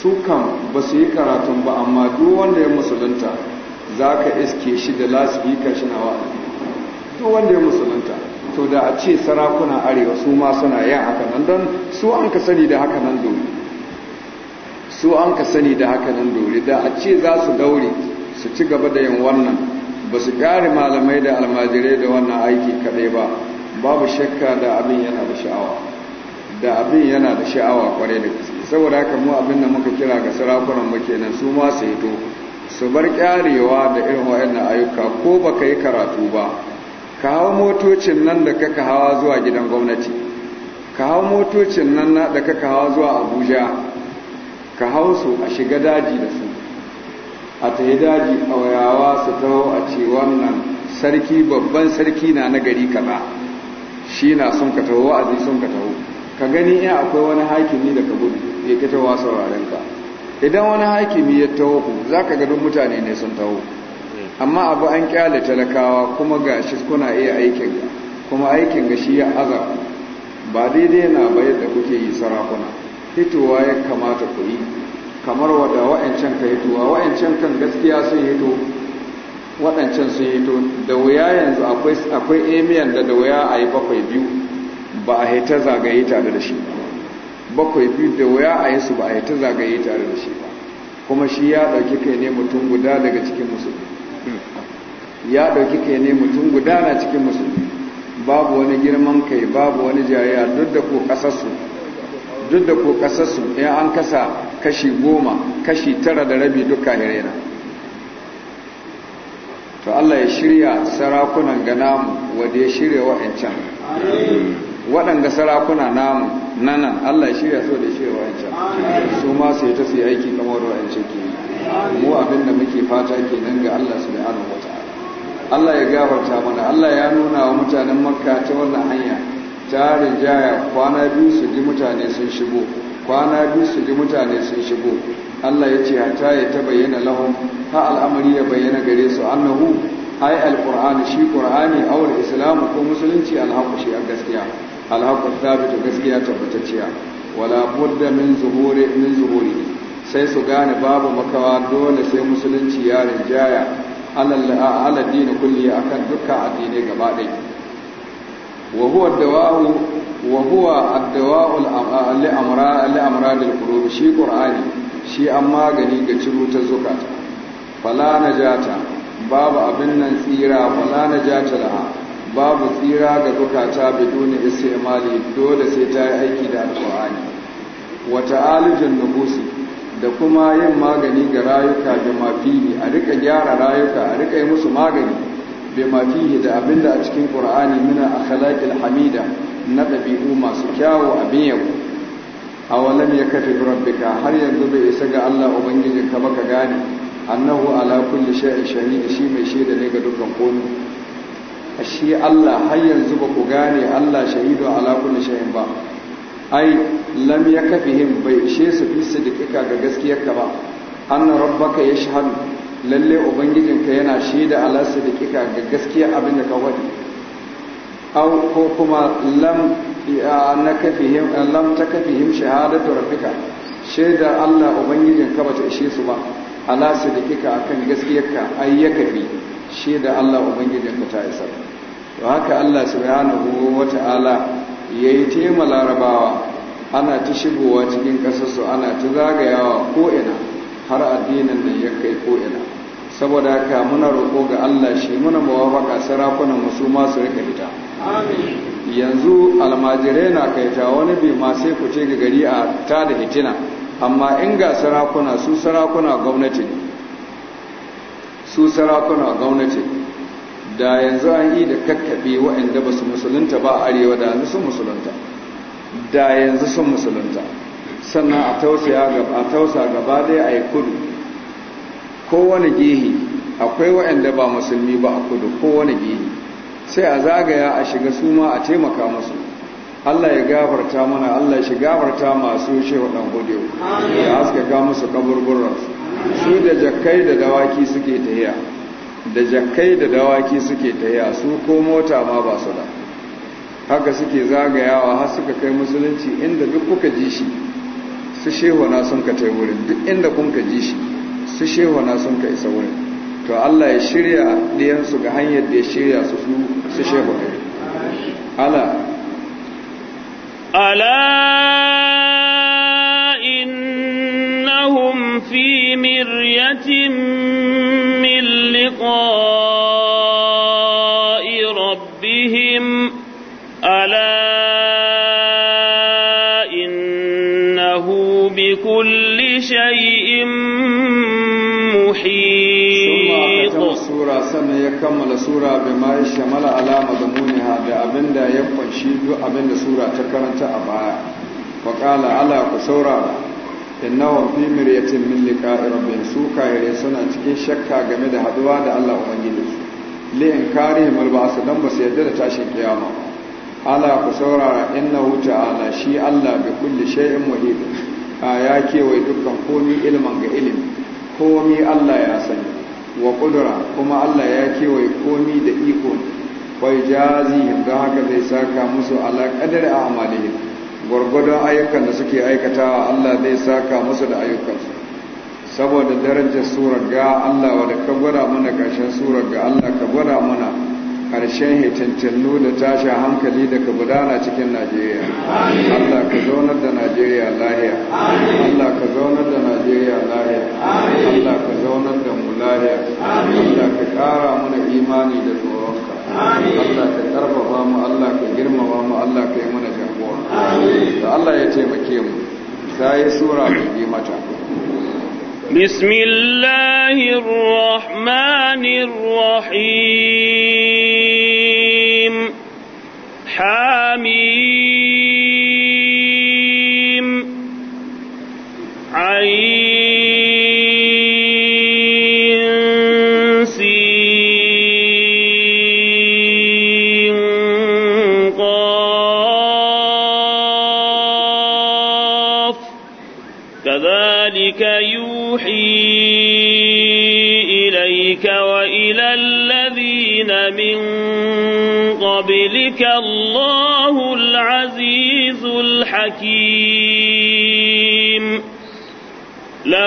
su kan ba su yi karatun ba amma duk wanda ya musulunta za ka iske shi da lasifika shi na wa'azi duk wanda ya musulunta to da a ce sarakuna arewa su ma suna yin haka nan don su an ka sani da haka nan dori su an ka sani da haka nan dori da a ce za su daure su ci gaba da yin wannan ba su kare malamai da almajirai da wannan aiki kaɗai ba babu shakka da abin yana da sha'awa da abin yana da sha'awa kwarai da gaske saboda haka mu abin da muka kira ga sarakunan mu kenan su ma su hito su bar kyarewa da irin waɗannan ayyuka ko ba ka yi karatu ba ka hawa motocin nan da kaka hawa zuwa gidan gwamnati ka hawa motocin nan da kaka hawa zuwa abuja ka hau su a shiga daji da su a ta yi daji wayawa su taho a ce wannan sarki babban sarki na na gari kaza shi na son ka taho wa'azi son ka taho ka gani in akwai wani hakimi da ka gudu ya ka taho sauraren ka idan wani hakimi ya taho ku za ka gadon mutane ne sun taho amma abu an kyale talakawa kuma ga shi kuna iya aikin ga kuma aikin ga shi ya aza ba daidai na ba yadda kuke yi sarakuna hitowa ya kamata ku yi kamar wadda wa'ancan ka hitowa wa'ancan kan gaskiya sun hito waɗancan sun hito da wuya yanzu akwai emiyan da da wuya a yi bakwai biyu ba a haita zagaye tare da shi bakwai biyu da wuya a yi su ba a haita zagaye tare da shi ba kuma shi ya ɗauki kai ne mutum guda daga cikin musulmi ya ɗauki kai ne mutum guda na cikin musulmi babu wani girman kai babu wani jayayya duk da ko ƙasarsu duk da ko ƙasarsu in an kasa kashi goma kashi tara da rabi duk kahire na to Allah ya shirya sarakunan ga namu wanda ya shirya wa'ancan waɗanda sarakuna namu nanan Allah ya shirya so da ya shirya wa'ancan su ma su yi ta su yi aiki kamar wa'ancan ke mu abinda muke fata kenan ga Allah subhanahu wa ta'ala Allah ya gafarta mana Allah ya nuna wa mutanen makka ta wannan hanya ta rinjaya kwana biyu su ji mutane sun shigo kwana biyu su ji mutane sun shigo Allah ya ce hata ya ta bayyana lahum ha al'amari ya bayyana gare su annahu ai alquran shi qur'ani awar islamu ko musulunci alhaqu shi a gaskiya alhaqu thabitu gaskiya tabbatacciya wala budda min zuhuri min zuhuri sai su gane babu makawa dole sai musulunci ya rinjaya ala dini kulli akan dukkan addinai gaba ɗai wa huwa dawahu wa huwa ad shi ƙur'ani, shi an magani ga cirutar zukata fala najata babu abin nan tsira fala najata laha babu tsira ga zukata biduni imali, dole sai ta yi aiki da alqur'ani wa ta'alijun nubusi da kuma yin magani ga rayuka da mafihi a rika gyara rayuka a rika yi musu magani bai mafihi da abinda a cikin ƙura'ani muna a khalaƙil hamida na ɗabi'u masu kyawo abin yau a walam ya kafi rabbika har yanzu bai isa ga Allah ubangijin ka baka gane annahu ala kulli shay'in shahid shi mai shaida ne ga dukkan komai shi Allah har yanzu ba ku gane Allah shahidu ala kulli shay'in ba ai lam ya kafihim bai ishe su fi sidikika ga gaskiyarka ba anna rabbaka yashhadu lalle ubangijinka yana shaida ala sidikika ga gaskiyar abin da ka wadi aw ko kuma lam na kafihim lam ta kafihim shahadatu rabbika shaida Allah ubangijinka bata ishe su ba ala sidikika akan ka ai ya kafi shaida Allah ubangijinka ta isa. to haka Allah subhanahu wa ta'ala ya yi tema larabawa ana ta shigowa cikin ƙasarsu ana ta zagayawa ko'ina har addinin da ya kai ko'ina saboda haka muna roƙo ga Allah shi muna mawafaka sarakunan musu masu rika fita yanzu almajirai na kaita wani bi ma sai ku ce ga gari a ta da hitina amma in ga sarakuna su sarakuna gwamnati su sarakuna gwamnati da yanzu an yi da kakkaɓe waɗanda ba su musulunta ba a arewa da yanzu sun musulunta da yanzu sun musulunta sannan a tausa gaba ɗaya a yi kudu kowane gehe akwai waɗanda ba musulmi ba a kudu kowane gehe sai a zagaya a shiga suma a taimaka musu Allah ya gafarta mana Allah ya gafarta masu shehu ɗan hudu ya ga musu kaburburarsu su da jakkai da dawaki suke tahiya da jakkai da dawaki suke ta yi a su ko mota ma ba su da haka suke zagayawa har suka kai musulunci inda duk kuka ji shi su shehuna sun ka tai wurin duk inda kun ka ji shi su shehuna sun ka isa wurin to Allah ya shirya ɗiyansu ga hanyar da ya shirya su su shehuna ala ala innahum fi miryatin لقاء ربهم ألا إنه بكل شيء محيط سورة سنة يكمل سورة بما يشمل على مضمونها بأبن لا يبقى شيء أبن سورة تكرنت أبعاء فقال على كسورة innahum fi miryatin min liqa'i rabbihim su kayire suna cikin shakka game da haduwa da Allah ubangiji su li inkarihim alba'sa dan ba su yarda da tashin kiyama ala ku saurara innahu ta'ala shi Allah bi kulli shay'in muhit ya kewaye dukkan komi ilman ga ilimi komi Allah ya sani wa kuma Allah ya kewaye komi da iko wai jazihim ga haka zai saka musu ala qadari a'malihim gwargwadon ayyukan da suke aikatawa Allah zai saka musu da ayyukansu saboda darajar surar ga Allah wadda ka gwada mana ƙarshen surar ga Allah ka gwada mana ƙarshen hitintillu da tashi hankali da ka gudana cikin Najeriya Allah ka zaunar da Najeriya lahiya Allah ka zaunar da Najeriya lahiya Allah ka zaunar da mu lahiya Allah ka ƙara mana imani da tsoronka Allah ka ƙarfafa mu Allah ka girmama mu Allah ka yi mana da Allah ya taimake mu sai sura mai bi mata bismillahir rahmanir rahim hamim ayin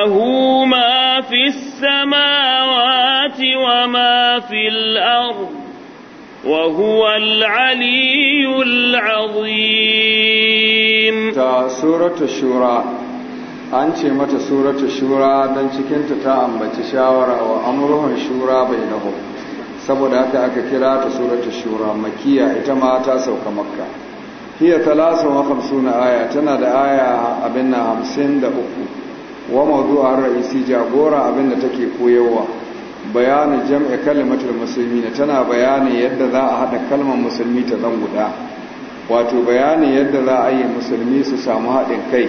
له ما في السماوات وما في الأرض وهو العلي العظيم تا سورة an ce mata surata shura don cikinta ta ambaci shawarawa, wa amurhun shura bai nahu saboda haka aka kira ta surata shura makiya ita ma ta sauka makka hiya talasu wa hamsuna aya tana da aya abin hamsin da uku wa mawdu'ar ra'isi jagora abinda take koyarwa bayanin jam'i kalmatul na tana bayani yadda za a hada kalmar musulmi ta zan guda wato bayanin yadda za a yi musulmi su samu haɗin kai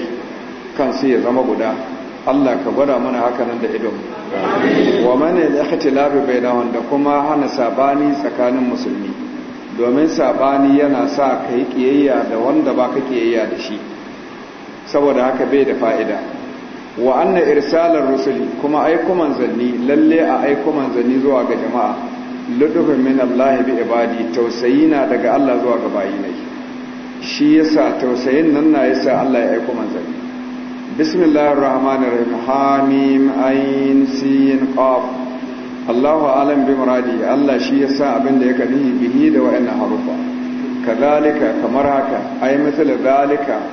kan su ya zama guda Allah ka gwada mana haka nan da idon wa mana al-ikhtilafi bainahum da kuma hana sabani tsakanin musulmi domin sabani yana sa ka yi kiyayya da wanda ba ka kiyayya da shi saboda haka bai da fa'ida wa anna irsalar rusuli kuma aiko manzanni lalle a aiko manzanni zuwa ga jama'a ludufin min Allah bi ibadi tausayi daga Allah zuwa ga bayi ne shi yasa tausayin nan na yasa Allah ya aiko manzanni bismillahir rahmanir rahim hamim ayin sin qaf Allahu alam bi muradi Allah shi yasa abin da ya nihi bihi da wa'annan harufa kadalika kamar haka ay misal zalika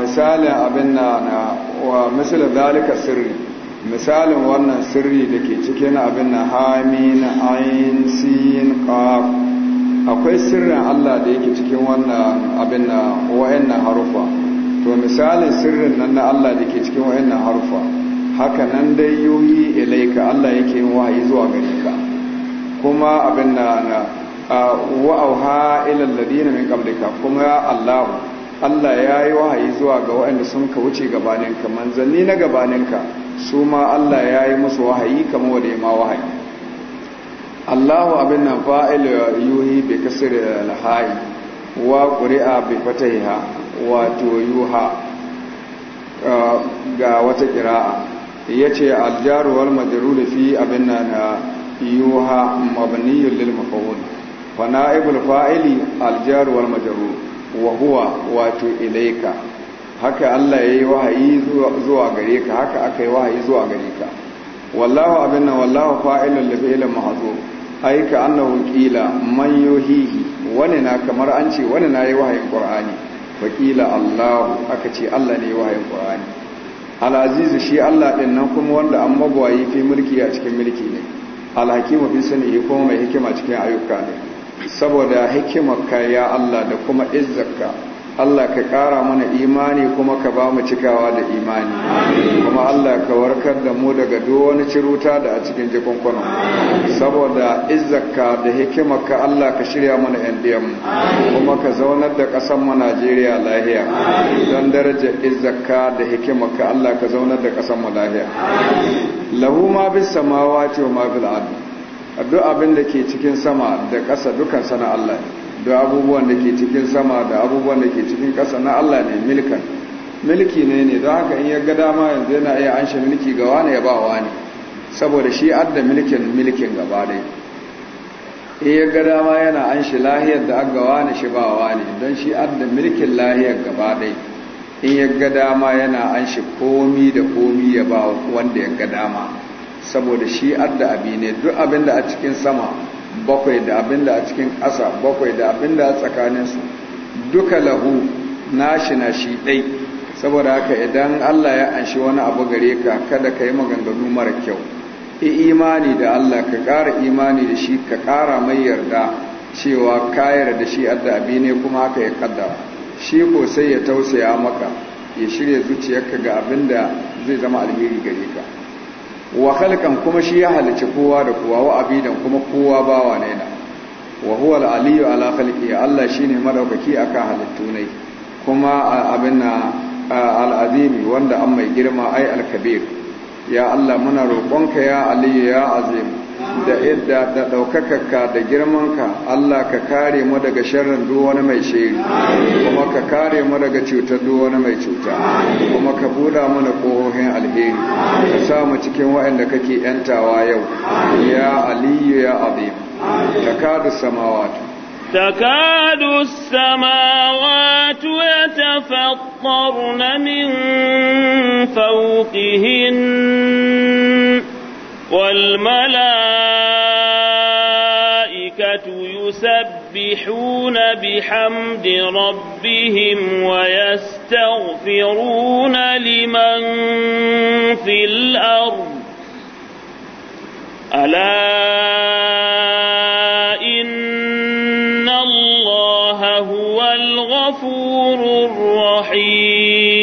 misalin abin na wa misali dalika sirri misalin wannan sirri da ke cikin abin na hamin ayin siyin ƙaf akwai sirrin Allah da yake cikin wannan abin na na harufa to misalin sirrin nan na Allah da ke cikin na harufa haka nan dai yoyi ilaika Allah yake yin wahayi zuwa gari ka kuma abin na wa'auha ilal ladina min kamdika kuma Allahu Allah ya yi wahayi zuwa ga waɗanda sun ka wuce gabaninka manzanni na gabaninka su ma Allah ya yi musu wahayi kama wadda ya ma wahayi Allahu abin na fa'il yuhi bai kasir da hai wa quri'a bi ha wato yuha uh, ga wata ƙira'a yace ce jaru wal da fi abin na uh, yuha mabniyun lil maf'ul fa'ili al-jaru wa huwa wato ilaika haka Allah ya yi wahayi zuwa gare ka haka aka yi wahayi zuwa gare ka wallahu abinna wallahu fa'ilun lafi'ilin mahazo aika annahu qila man yuhihi wani na kamar an ce wani na yi wahayin qur'ani wa qila Allahu aka ce Allah ne wahayin qur'ani al-aziz shi Allah din nan kuma wanda an magwayi fi mulki a cikin mulki ne al-hakimu fi sanihi kuma mai hikima cikin ayyuka ne saboda hikimarka ya Allah da kuma izzarka Allah ka kara mana imani kuma ka ba mu cikawa da imani kuma Allah ka warkar da mu daga duk wani ciruta da a cikin jikunkunan saboda izzarka da hikimarka Allah ka shirya mana yan mu kuma ka zaunar da ƙasar mu Najeriya lahiya don darajar izzarka da hikimarka Allah ka zaunar da ƙasar mu lahiya lahu ma bis samawati wa ma bil ardi duk abin da ke cikin sama da ƙasa dukan sana Allah ne da abubuwan da ke cikin sama da abubuwan da ke cikin ƙasa na Allah ne milkan milki ne ne don haka in ya ga dama yanzu yana iya shi milki ga wani ya ba wani saboda shi adda milkin milkin gaba dai in ya ga dama yana shi lahiyar da gawa wani shi ba wani don shi adda milkin lahiyar gaba dai in ya ga dama yana shi komi da komi ya ba wanda ya ga dama saboda shi adda abi ne duk abin da a cikin sama bakwai da abin da a cikin ƙasa bakwai da abin da a tsakaninsu duka lahu nashi na shi ɗai saboda haka idan Allah ya anshi wani abu gare ka kada ka yi maganganu mara kyau i imani da Allah ka kara imani da shi ka kara mai yarda cewa ka yarda shi adda abi ne kuma haka ya kaddara shi ko sai ya tausaya maka ya shirya zuciyarka ga abin da zai zama alheri gare ka wa khalqan kuma shi ya halice kowa da kowa wa abidan kuma kowa bawa ne na wa huwa al-aliyyu ala khalqi Allah shine madaukaki akan halittu ne kuma abin al azim wanda an mai girma ai al-kabir ya Allah muna roƙonka ya aliyu ya azim da idda da ɗaukakarka da girmanka Allah ka kare mu daga sharrin duk wani mai shiri kuma ka kare mu daga cutar duk wani mai cuta kuma ka buɗa mana kohohin alheri ka sa mu cikin waɗanda kake ‘yantawa yau ya aliyu ya azim ka kadu samawatu تكاد السماوات يتفطرن من فوقهن والملائكة يسبحون بحمد ربهم ويستغفرون لمن في الأرض ألا إن الله هو الغفور الرحيم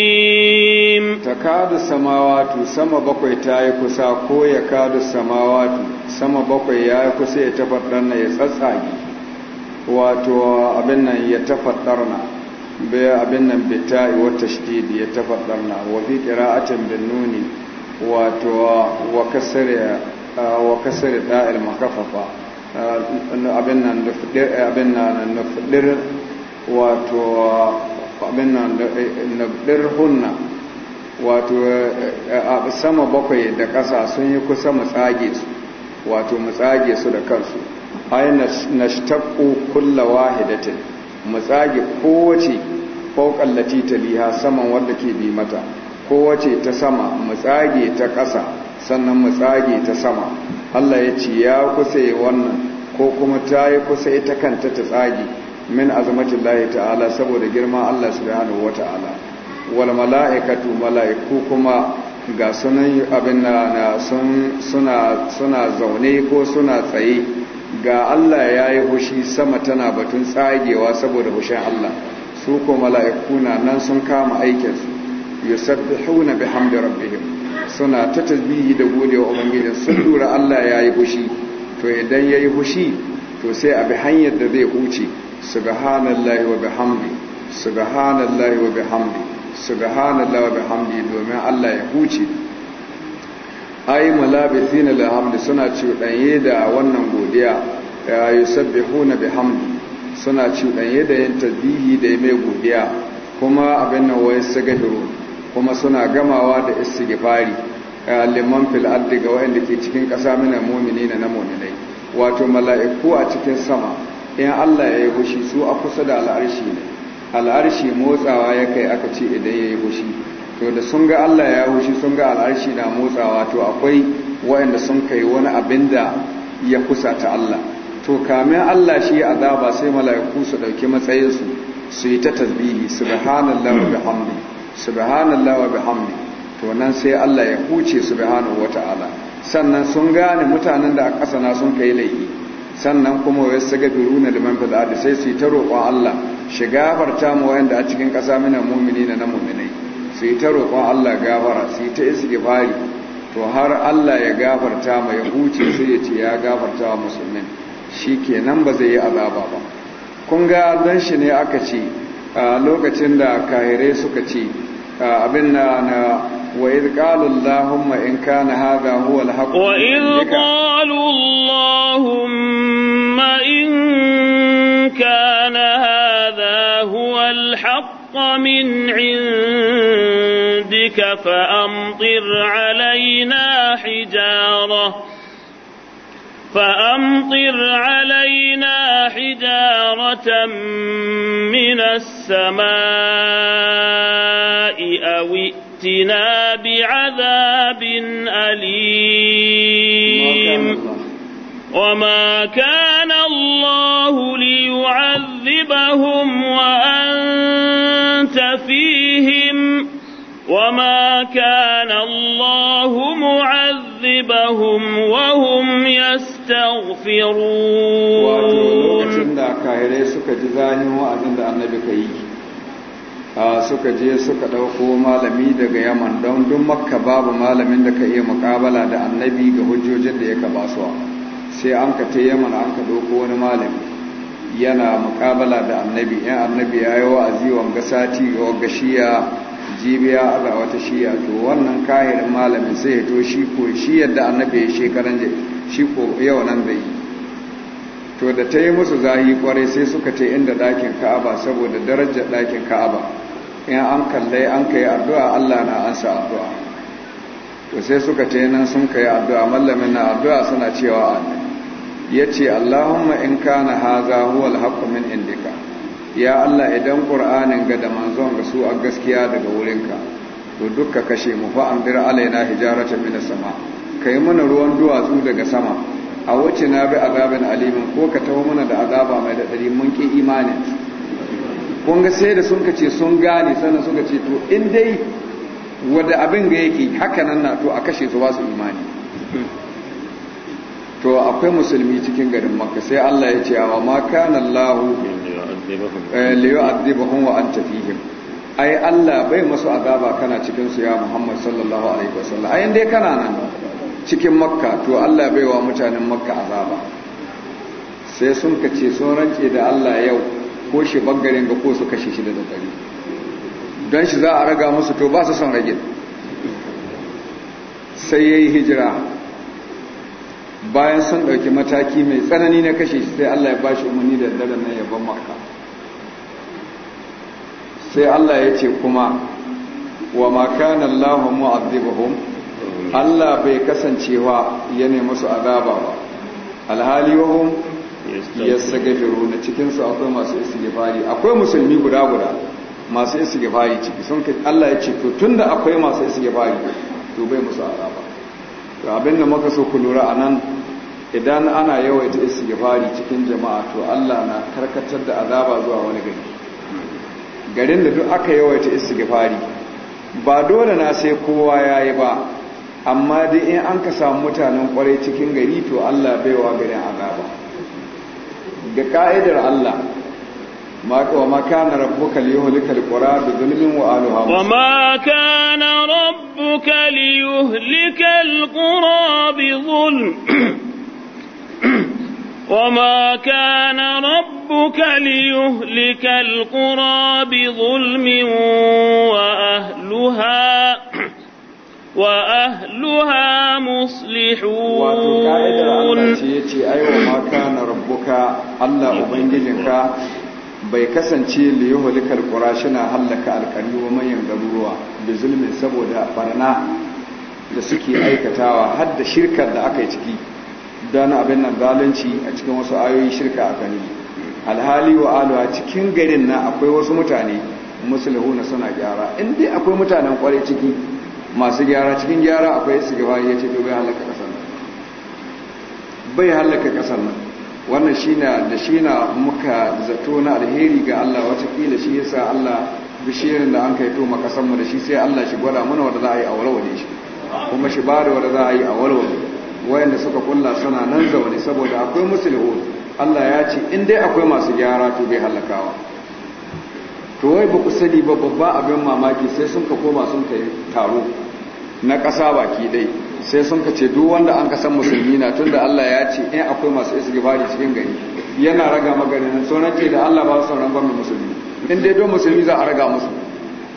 kada samawatu sama bakwai ta yi kusa ko ya kada samawatu sama bakwai ya yi kusa ya na ya tsatsage wato abin nan ya na bai abin nan bita shi da ya wafi kira a can bin nuni wato wa kasar da'il makafafa abin nan fudir wato abin nan fudir hunna wato eh, a sama bakwai da ƙasa sun yi kusa mu su wato mu su da kansu ai nashtaqu kulla wahidatin mu tsage kowace fawqal lati liha saman wanda ke bi mata kowace ta sama mu ta ƙasa sannan mu tsage ta sama Allah ya ci ya kusa wannan ko kuma ta yi kusa ita kanta ta tsage min azumatullahi ta'ala saboda girma Allah da wa ta'ala wal mala'ikatu mala'iku kuma ga sunan abin na suna zaune ko suna tsaye ga Allah ya yi hushi sama tana batun tsagewa saboda hushin Allah su ko mala'iku na nan sun kama aikinsu yusabbihuna bihamdi rabbihim suna ta tasbihi da gode wa ubangiji sun lura Allah ya yi hushi to idan ya yi hushi to sai a bi hanyar da zai huce subhanallahi wa bihamdi subhanallahi wa bihamdi subhanallahi wa bihamdi domin Allah ya huce ai malabithina lihamdi suna danye da wannan godiya yusabbihuna bihamdi suna danye da yin tasbihi da mai godiya kuma abin nan wai sagahiru kuma suna gamawa da istighfari liman fil ardi ga wanda ke cikin ƙasa mina mu'minina na mu'minai wato mala'iku a cikin sama in Allah ya yi su a kusa da al'arshi ne al'arshi motsawa ya kai aka ce idan ya yi hushi to da sun ga Allah ya hushi sun ga al'arshi na motsawa to akwai waɗanda sun kai wani abin da ya kusa ta Allah to kamin Allah shi ya azaba sai mala'iku su ɗauki matsayinsu su yi ta tasbihi subhanallahi wa bihamdi subhanallahi wa bihamdi to nan sai Allah ya huce subhanahu wata'ala sannan sun gane mutanen da a ƙasa na sun kai laifi sannan kuma wasu ga biruna liman fada sai su yi ta roƙon Allah shi gafarta mu wayanda a cikin ƙasa mina mumini na na muminai su yi ta roƙon Allah gafara su yi ta istighfari to har Allah ya gafarta ma ya huce sai ya ce ya gafarta wa musulmin nan ba zai yi azaba ba kun ga dan shi ne aka ce lokacin da kahire suka ce abin na na وإذ قالوا اللهم إن كان هذا هو Wa وإذ قالوا اللهم in كان الحق من عندك فأمطر علينا حجارة فأمطر علينا حجارة من السماء أو ائتنا بعذاب أليم وما كان الله ليعذبهم وأنت فيهم وما كان الله معذبهم وهم يستغفرون واتو da kahirai suka ji zanin wa'azin da annabi ka yi suka je suka ɗauko malami daga yaman don duk makka babu malamin da ka iya muƙabala da annabi ga hujjojin da ya ka basuwa sai an ka ta yaman an ka doko wani malami yana mukabala da annabi yan annabi ya yi wa'azi wanga sati wanga shiya jibiya ala wata shiya to wannan kahirin malamin sai ya to shi ko shi yadda annabi ya shekaran shi ko yau nan bai yi to da ta yi musu zahi kwarai sai suka ce inda ɗakin ka'aba saboda darajar ɗakin ka'aba in an kallai an ka yi addu'a allah na ansa addu'a to sai suka ce nan sun ka yi addu'a mallamin na addu'a suna cewa amin ya ce Allahumma in kana haza huwal haqqu min indika ya Allah idan ƙur'anin ga da manzon ga su a gaskiya daga wurinka to dukka kashe mu fa amdir alaina hijaratan min sama kai mana ruwan duwatsu daga sama a wace na bi azabin alimin ko ka tawo mana da azaba mai daɗari mun ki imanin kun sai da sun kace sun gane sannan suka ce to in dai wanda abin ga yake haka nan na to a kashe su ba su imani to akwai musulmi cikin garin maka sai Allah ya ce wa ma kana Allahu liyu'adhibahum eh, wa an fihim ai Allah bai masu azaba kana cikin su ya Muhammad sallallahu alaihi wasallam ai dai kana nan cikin makka to Allah bai wa mutanen makka azaba sai sun kace sun rance da Allah yau ko shi bangaren ga ko su kashe shi da daddare don shi za a raga musu to ba su son rage sai yayi hijira bayan sun ɗauki mataki mai tsanani na kashe shi sai Allah ya ba shi umarni da daren nan ya ban maka sai Allah ya ce kuma wa makana Allahu mu'adhibuhum Allah bai kasancewa ya nemi musu azaba ba alhali wahum yastaghfiru na cikin su akwai masu istighfari akwai musulmi guda guda masu istighfari ciki sun Allah ya ce to tunda akwai masu istighfari to bai musu azaba abin da muka so ku lura a nan idan ana yawaita gifari cikin jama'a to Allah na karkatar da azaba zuwa wani gari garin da duk aka yawaita gifari ba dole na sai kowa ya yi ba amma dai in an ka samu mutanen kwarai cikin gari to Allah baiwa garin azaba ga ka'idar Allah وما كان ربك ليهلك القرى بظلم وأهلها وما كان ربك ليهلك القرى بظلم وما كان ربك ليهلك القرى بظلم وأهلها وأهلها مصلحون وما كان ربك الله أبنجلك bai kasance li kura qurashina halaka alqaryu wa manyan garuruwa da zulmin saboda barna da suke aikatawa har da shirkar da aka yi ciki don abin nan zalunci a cikin wasu ayoyi shirka aka yi alhali wa alwa cikin garin na akwai wasu mutane na suna gyara in dai akwai mutanen kwarai ciki masu gyara cikin gyara akwai su gaba ya ce bai halaka kasar nan bai halaka kasar nan wannan shi na da shi na muka zato na alheri ga Allah watakila shi yasa Allah bishirin da an kai to makasanmu da shi sai Allah shi gwada mana wanda za a yi a warware shi kuma shi bada wanda za a yi a warware wayanda suka kulla suna nan zaune saboda akwai musulhun Allah ya ce in dai akwai masu gyara to bai halakawa to wai ba ku sani ba babba abin mamaki sai sun ka koma sun kai taro na ƙasa baki dai sai sun ka ce duk wanda an kasan musulmi na tun da Allah ya ce in akwai masu istighfari cikin gari yana raga maganin sauran ke da Allah ba su sauran ban musulmi in dai don musulmi za a raga musu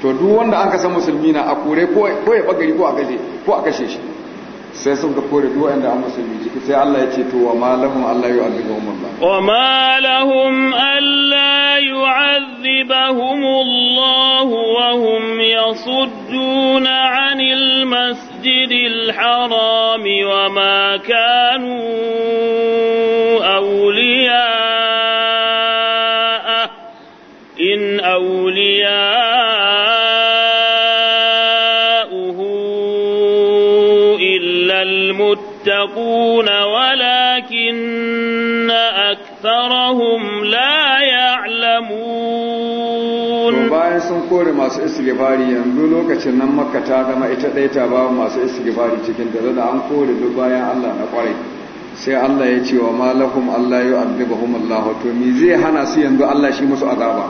to duk wanda an kasan musulmi na a kure ko ya bagari ko a kashe shi sai sun ga kore duk wanda an musulmi ciki sai Allah ya ce to wa ma lahum Allah yu'adhibuhum Allah wa ma Allah yu'adhibuhum Allah wa hum yasudduna 'anil masjidil haram wa ma kanu awliya in awliya يتقون ولكن أكثرهم لا يعلمون bayan sun kore masu istighfari yanzu lokacin nan makka ta zama ita ɗaya ta ba masu istighfari cikin da da an kore duk bayan Allah na kwarai sai Allah ya ce wa malahum Allah yu'adhibuhum Allah to me zai hana su yanzu Allah shi musu azaba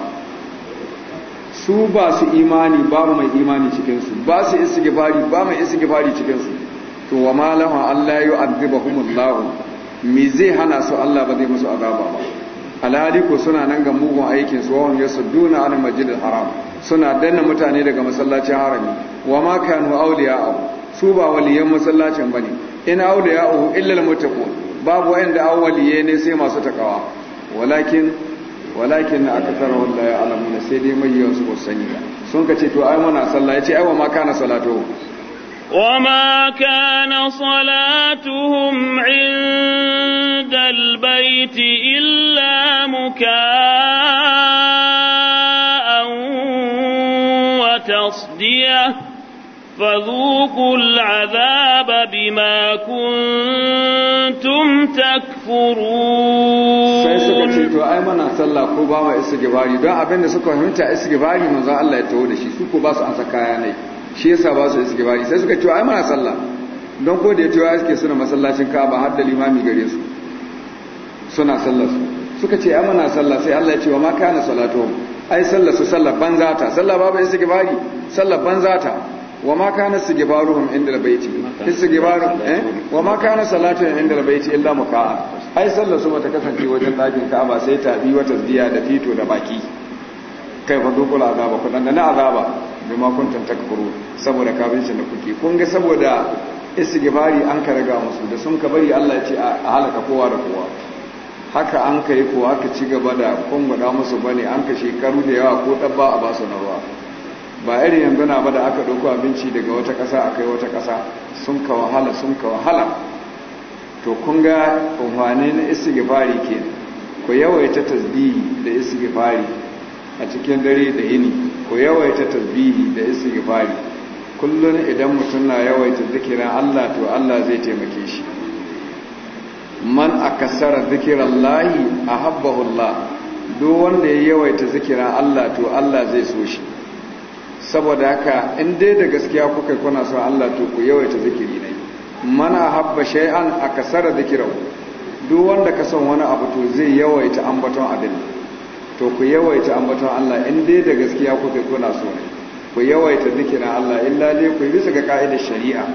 su ba su imani babu mai imani cikinsu ba su isigifari ba mai isigifari cikinsu to wa ma lahum Allah yu'adhibuhum Allah mi zai hana su Allah ba zai musu azaba ba alali ko suna nan ga mugun aikin su wahum yasudduna an masjidil haram suna danna mutane daga masallacin harami wa ma kanu awliya'u su ba waliyan masallacin bane in awliya awliya'u illa al almuttaqun babu wanda awliye ne sai masu takawa walakin walakin akthar wanda ya alamu sai dai mai yawan su sani sun kace to ai muna sallah yace ai wa ma kana salatu وما كان صلاتهم عند البيت إلا مكاء وتصدية فذوقوا العذاب بما كنتم تكفرون sai to ai sallah ko ba ma istighfari don abin da suka fahimta istighfari manzo Allah ya tawo da shi su ko ba su ansa kaya ne shi yasa ba su iskibari sai suka cewa ai mana sallah don ko da ya cewa suke suna masallacin ka'aba har da limami gare su suna sallah su suka ce ai mana sallah sai Allah ya ce wa ma kana salatu ai sallah su sallah banza ta sallah iske iskibari sallah banza ta wa ma kana iskibaruhum inda su gibaru eh wa ma kana salatu inda baiti illa muka ai sallah su bata kasance wajen ɗakin ka'aba sai ta bi wata ziya da fito da baki kai fa dukula azaba kun nan na azaba bima kuntum takfuru saboda kafircin da kuke kun ga saboda istighfari an ka raga musu da sun ka bari Allah ya ce a halaka kowa da kowa haka an kai ko aka ci gaba da kun gwada musu bane an ka shekaru da yawa ko dabba a basu na ruwa ba irin yanzu na ba da aka ɗauko abinci daga wata ƙasa a wata ƙasa sun ka wahala sun ka wahala to kun ga umfani na istighfari ke ku yawaita tasbihi da istighfari a cikin dare da yini ku yawaita tasbihi da istighfari kullun idan mutum na yawaita zikirin Allah to Allah zai taimake shi man akasara zikiran lahi ahabbahu Allah duk wanda ya yawaita zikirin Allah to Allah zai so shi saboda haka in dai da gaskiya kuka kuna son Allah to ku yawaita zikiri ne mana habba shay'an akasara zikirahu duk wanda ka son wani abu to zai yawaita ambaton abin to ku yawaita ambaton Allah in dai da gaskiya kuka kuna so ne ku yawaita zikirin Allah in lalle ku yi bisa ga ka'idar shari'a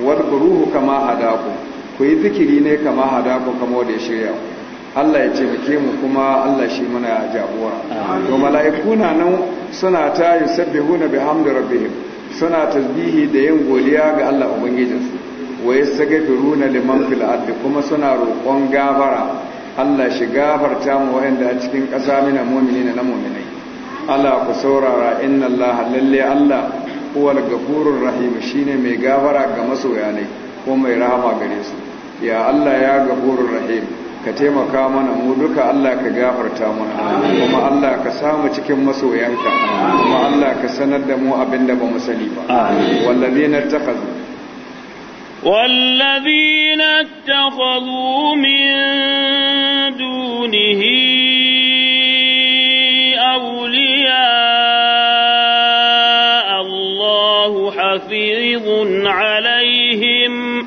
wal ruhu kama hadaku ku yi zikiri ne kama hadaku kama wanda ya shirya Allah ya taimake mu kuma Allah shi muna jagora to mala'iku na nan suna ta yusabbihuna bihamdi rabbihim suna tasbihi da yin godiya ga Allah ubangijinsu wa yastaghfiruna liman fil ardi kuma suna roƙon gafara Allah shi gafarta mu waɗanda a cikin ƙasa mina mu'minina na mu'minai Allah ku saurara inna Allah lalle Allah huwal gafurur rahim shine mai gafara ga masoya ne ko mai rahama gare su ya Allah ya gafurur rahim ka taimaka mana mu duka Allah ka gafarta mana kuma Allah ka samu cikin masoyanka kuma Allah ka sanar da mu abinda ba mu sani ba wallazina takhadhu والذين اتخذوا من دونه أولياء الله حفيظ عليهم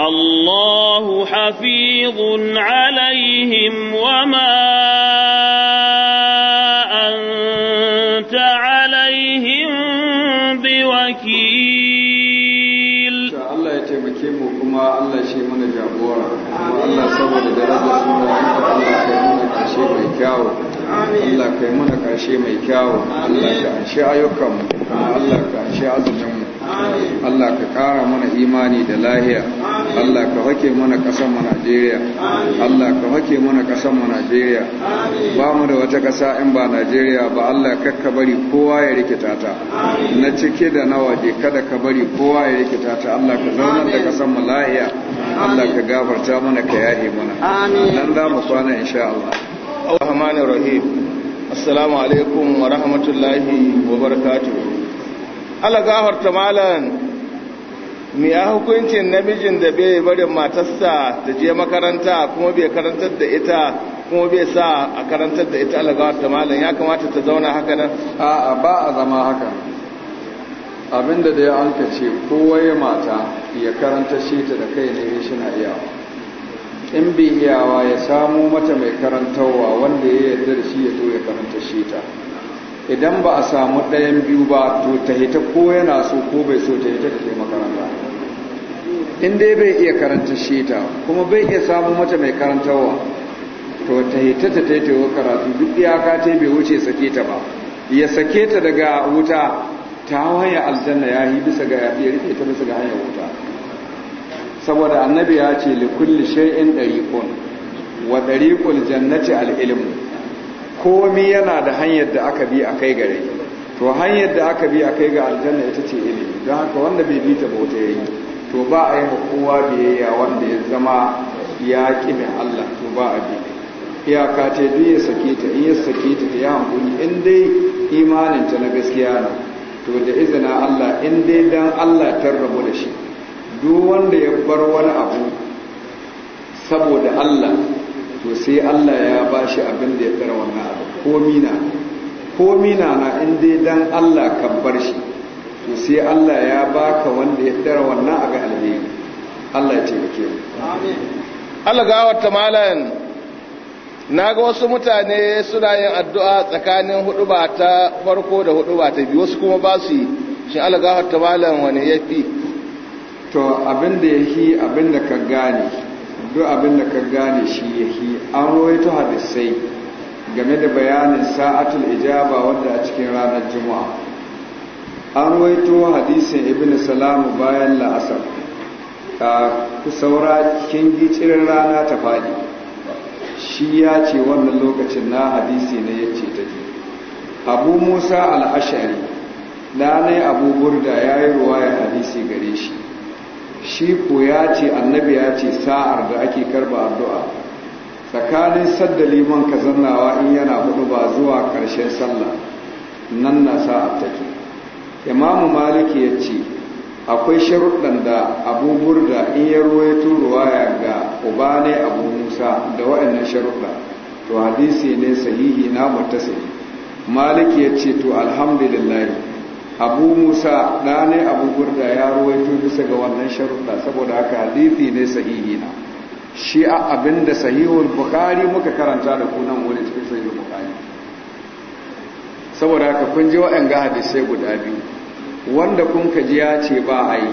الله حفيظ عليهم وما أنت عليهم بوكيل الله يتمكن وكما Allah saboda suna sunayenka Allah yi mana kashe mai kyawo Allah yi mana kashe mai kyawo Allah ka anshi ayyukanmu Allah ka anshi azuminmu Allah ka kara mana imani da lahiya Allah ka hake mana ƙasar mu Najeriya Allah ka hake mana ƙasar mu Najeriya ba mu da wata ƙasa in ba Najeriya ba Allah kakka bari kowa ya rikita ta na cike da na waje kada ka bari kowa ya rikita ta Allah ka zaunar da ƙasar mu lahiya Allah ka gafarta mana ka yahe mana nan za mu kwana insha Allah Allahumma rahim assalamu alaikum wa rahmatullahi wa barakatuh Allah gafarta malan me ya hukuncin namijin da bai barin matarsa ta je makaranta kuma bai karantar da ita kuma bai sa a karantar da ita Allah gafarta malan ya kamata ta zauna haka nan a'a ba a zama haka abinda da ya an ka ce ya mata ya karanta shi ta da kai ne shi na iya. in bi iyawa ya samu mata mai karantarwa wanda ya yarda da shi ya to ya karanta shi ta idan ba a samu ɗayan biyu ba to ta hita ko yana so ko bai so ta hita ta ke makaranta in dai bai iya karanta shi ta kuma bai iya samu mata mai karantarwa to ta hita ta taitawa karatu duk iyaka ta bai wuce sake ta ba ya sake ta daga wuta ta hanyar aljanna ya yi bisa ga ya rike ta bisa ga hanyar wuta saboda annabi ya ce li kulli shay'in dariqun wa dariqul jannati al ilm komai yana da hanyar da aka bi akai gare to hanyar da aka bi akai ga aljanna ita ce ilimi don haka wanda bai bi ta bauta yayi to ba a yi kowa biyayya wanda ya zama ya min Allah to ba a bi iyaka ce duk ya sake ta in ya sake ta ta yi hankuli in dai imaninta na gaskiya ne to da izina Allah in dai dan Allah ta rabu da shi duk wanda ya bar wani abu saboda Allah to sai Allah ya ba shi abin da ya tsara wannan abu ko mina ko mina na in dai dan Allah ka bar shi to sai Allah ya baka wanda ya tsara wannan aga alheri Allah ya ce mu amin Allah ga wata malayan na ga wasu mutane suna yin addu'a tsakanin hudu ba ta farko da hudu ba ta biyu wasu kuma ba su yi shi algahar ta malam wani ya fi to abin da ya fi abin da ka gane duk abin da ka gane shi ya fi, an ta hadisai game da bayanin sa'atul ijaba wanda a cikin ranar juma'a an ta hadisin ibn salamu bayan la'asar ka saura cikin gicirin rana ta faɗi shi ya ce wannan lokacin na hadisi ne ya ce take abu musa al'ashari ɗanai abu burda ya yi ruwaya hadisi gare shi shi ko ya ce annabi ya ce sa'ar da ake karba addu'a tsakanin sadda liman ka zannawa in yana hudu ba zuwa karshen sallah nan na sa'ar take imamu maliki ya ce akwai sharuɗan da abu burda in ya ruwaito ruwaya ga uba ne abu musa da wa'annan sharuɗa to hadisi ne sahihi na mutasiri maliki ya ce to alhamdulillah abu musa ne abu gurda ya ruwaito bisa ga wannan sharuɗa saboda haka hadisi ne sahihi na shi a abin da sahihul bukari muka karanta da kunan wani cikin sahihul bukari saboda haka kun ji wa'anga hadisai guda biyu wanda kun ka ji ya ce ba a yi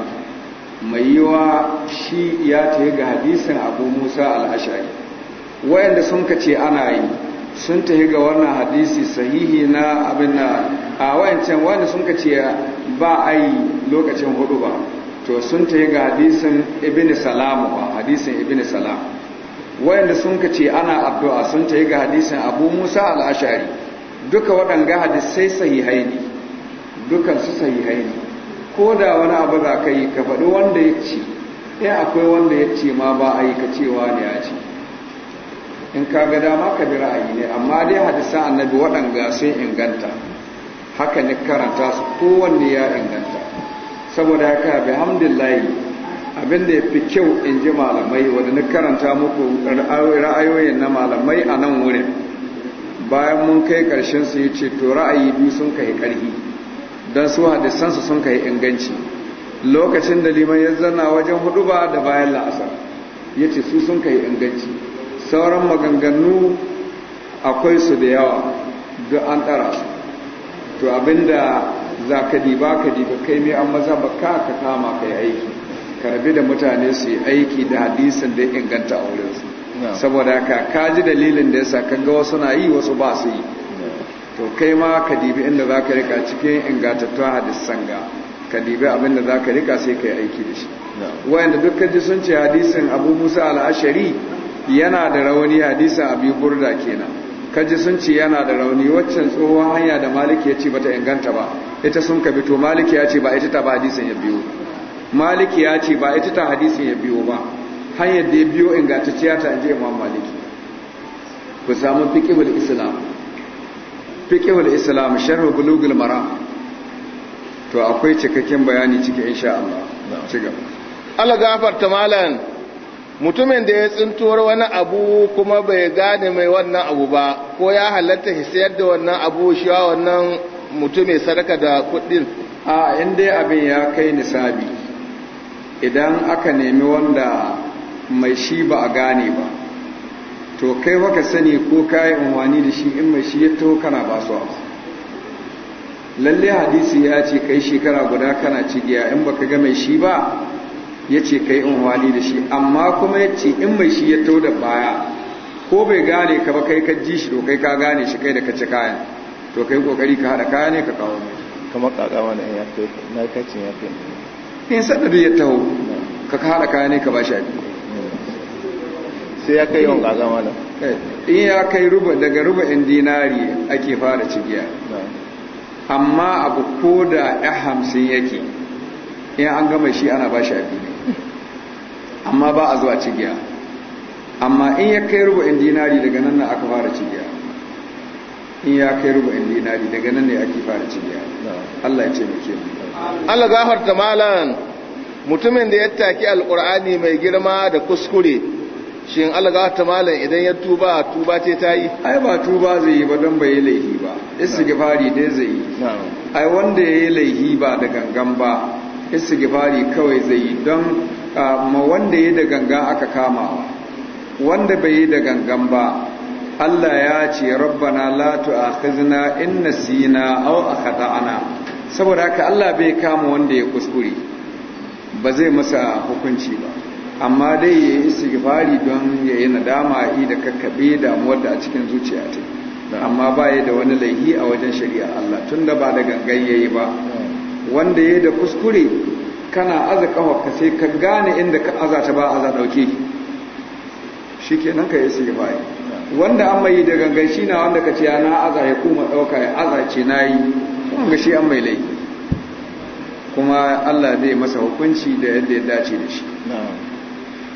mai yiwa shi ya ta ga hadisin abu musa al'ashari wayanda sun ka ce ana yi sun ta ga wannan hadisi sahihi na abin na a wayancan wayanda sun ka ce ba a yi lokacin hudu ba to sun ta ga hadisin ibn salamu ba hadisin ibn salam wayanda sun ka ce ana addu'a sun ta ga hadisin abu musa al'ashari duka waɗanga hadisai sahihai ne dukansu sahihai ne ko da wani abu za ka yi ka faɗi wanda ya ce eh, in akwai wanda ya ce ma ba a yi ka cewa ne ya ce in ka ga dama ka bi ra'ayi ne amma dai hadisa annabi waɗanda sai inganta haka ne karanta su kowanne ya inganta saboda haka bi hamdillahi abin da ya fi kyau in ji malamai wadda na karanta muku ra'ayoyin na malamai a nan wurin bayan mun kai ƙarshen su yi ce to ra'ayi biyu sun kai ƙarfi don su hadisansu sun kai inganci lokacin da liman ya zanna wajen hudu ba da bayan la'asar ya ce su sun kai inganci sauran maganganu akwai su da yawa duk an ɗara su to abinda za ka diba ka diba kai mai an maza ba ka ka kama ka aiki ka da mutane su yi aiki da hadisin da inganta a aurensu saboda ka kaji dalilin da ya sa kan ga wasu na yi wasu ba su yi to kai ma ka dibi inda za ka rika cikin ingantattun hadisan ga ka dibi abinda za ka rika sai ka yi aiki da shi wayanda duk kaji sun ce hadisin abu musa al'ashari yana da rauni hadisin abu burda kenan kaji sun ce yana da rauni waccan tsohon hanya da maliki ya ce bata inganta ba ita sun ka to maliki ya ce ba ita ta ba hadisin ya biyo maliki ya ce ba ita ta hadisin ya biyo ba hanyar da ya biyo ingantacciya ta inji imam maliki ku samu fiqhul islam fiqhul islam sharh bulugul mara, to akwai cikakken bayani ciki insha Allah ci gaba Allah gafarta malan mutumin da ya tsintuwar wani abu kuma bai gane mai wannan abu ba ko ya halatta sayar da wannan abu shi wannan mutumin sadaka da kuɗin a inda abin ya kai nisabi idan aka nemi wanda mai shi ba a gane ba to kai baka sani ko yi umarni da shi in mai shi ya taho kana ba su lalle hadisi ya ce kai shekara guda kana cigiya in baka ga mai shi ba ya ce kai umarni da shi amma kuma ya ce in mai shi ya taho da baya ko bai gane ka ba kai ka ji shi to kai ka gane shi kai da ka ci kayan to kai kokari ka hada kaya ne ka kawo mai kamar kaga na ya kai na kacin ya kai in sadari ya taho ka hada kaya ne ka ba shi abin sai ya kai yawan gaza mana eh, in ya kai ruba daga ruba in dinari ake fara cigiya amma abu ko da ya hamsin yake in an gama shi ana ba shi biyu. amma ba a zuwa cigiya amma in ya kai ruba in dinari daga nan na aka fara cigiya in ya kai ruba in dinari daga nan ne ake fara cigiya Allah ya ce muke. Allah zafarta malan mutumin da ya taki alkur'ani mai girma da kuskure shin alga ta malam idan ya tuba tuba ce ta yi ai ba tuba zai yi ba don bai yi laihi ba istighfari dai zai yi ai wanda ya yi laihi ba da gangan ba istighfari kawai zai yi don ma wanda ya da gangan aka kama. wanda bai yi da gangan ba Allah ya ce rabbana la tu'akhizna in nasina aw akhata'na saboda haka Allah bai kama wanda ya kuskure ba zai masa hukunci ba amma dai ya yi sigifari don ya yi nadama yi da kakkaɓe damuwar da a cikin zuciya ta amma ba ya da wani laihi a wajen shari'a Allah tun da ba da gangan ya yi ba wanda ya yi da kuskure kana aza ƙafarka sai ka gane inda ka aza ta ba aza ɗauke shi ke nan ka yi sigifari wanda an mai da gangan shi na wanda ka ce na aza ya kuma ɗauka ya aza ce na yi kuma ga shi an mai laifi kuma Allah zai masa hukunci da yadda ya dace da shi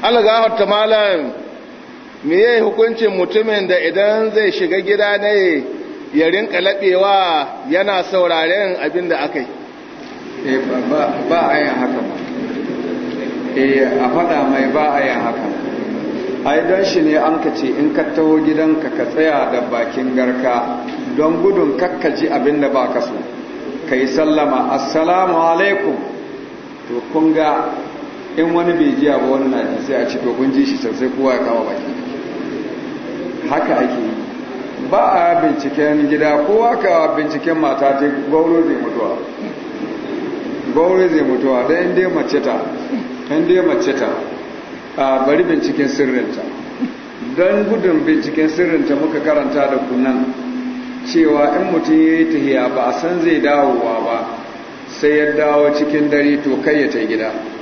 algahar ta malam me ya hukuncin mutumin da idan zai shiga gida ne ya rinka laɓewa yana sauraren abin da aka yi eh, ba a yin haka eh, a faɗa mai ba a yin haka ai don shi ne an ka ce in ka taho gidanka ka tsaya da bakin garka don gudun kakkaji abin da ba ka so ka yi sallama assalamu alaikum to kun ga in wani bai jiya ba wani na ji sai a ci to kun ji shi sai kowa ya kama baki haka ake yi ba a binciken gida kowa ka binciken mata ta gauro zai mutuwa gauro zai mutuwa da inda ya mace ta inda ya mace ta a bari binciken sirrinta don gudun binciken sirrinta muka karanta da kunan cewa in mutum ya yi tahiya ba a san zai dawowa ba sai ya dawo cikin dare to kai ya ta gida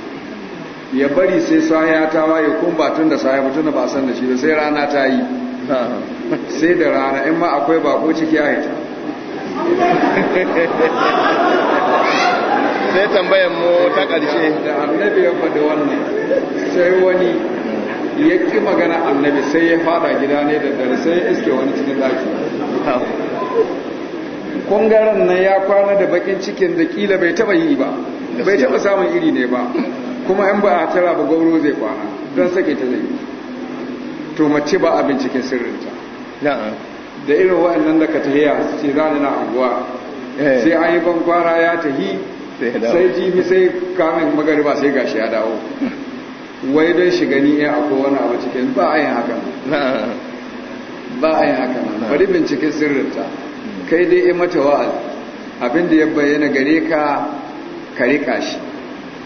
ya bari sai ya ta waye kun ba tun da saya ba da ba san da shi sai rana ta yi sai da rana in ma akwai bako ciki a haita sai tambayan mu ta ƙarshe da annabi ya faɗi wannan sai wani ya ƙi magana annabi sai ya fada gida ne da dare sai ya iske wani cikin daki kongaren nan ya kwana da bakin cikin da kila bai taba yi ba bai taba samun iri ne ba kuma in ba a tara ba gauro zai kwana don sake ta zai to mace ba a binciken sirrinta da irin waɗannan da ka tahiya ce za ni na abuwa eh. sai an yi bankwara ya tahi sai jibi sai kamin magariba sai gashi ya dawo wai don shiga ni ya eh akwai wani abu cikin ba a yin hakan ba a yin hakan bari binciken sirrinta kai dai ya mata wa'azi abinda ya bayyana gare ka ka rika shi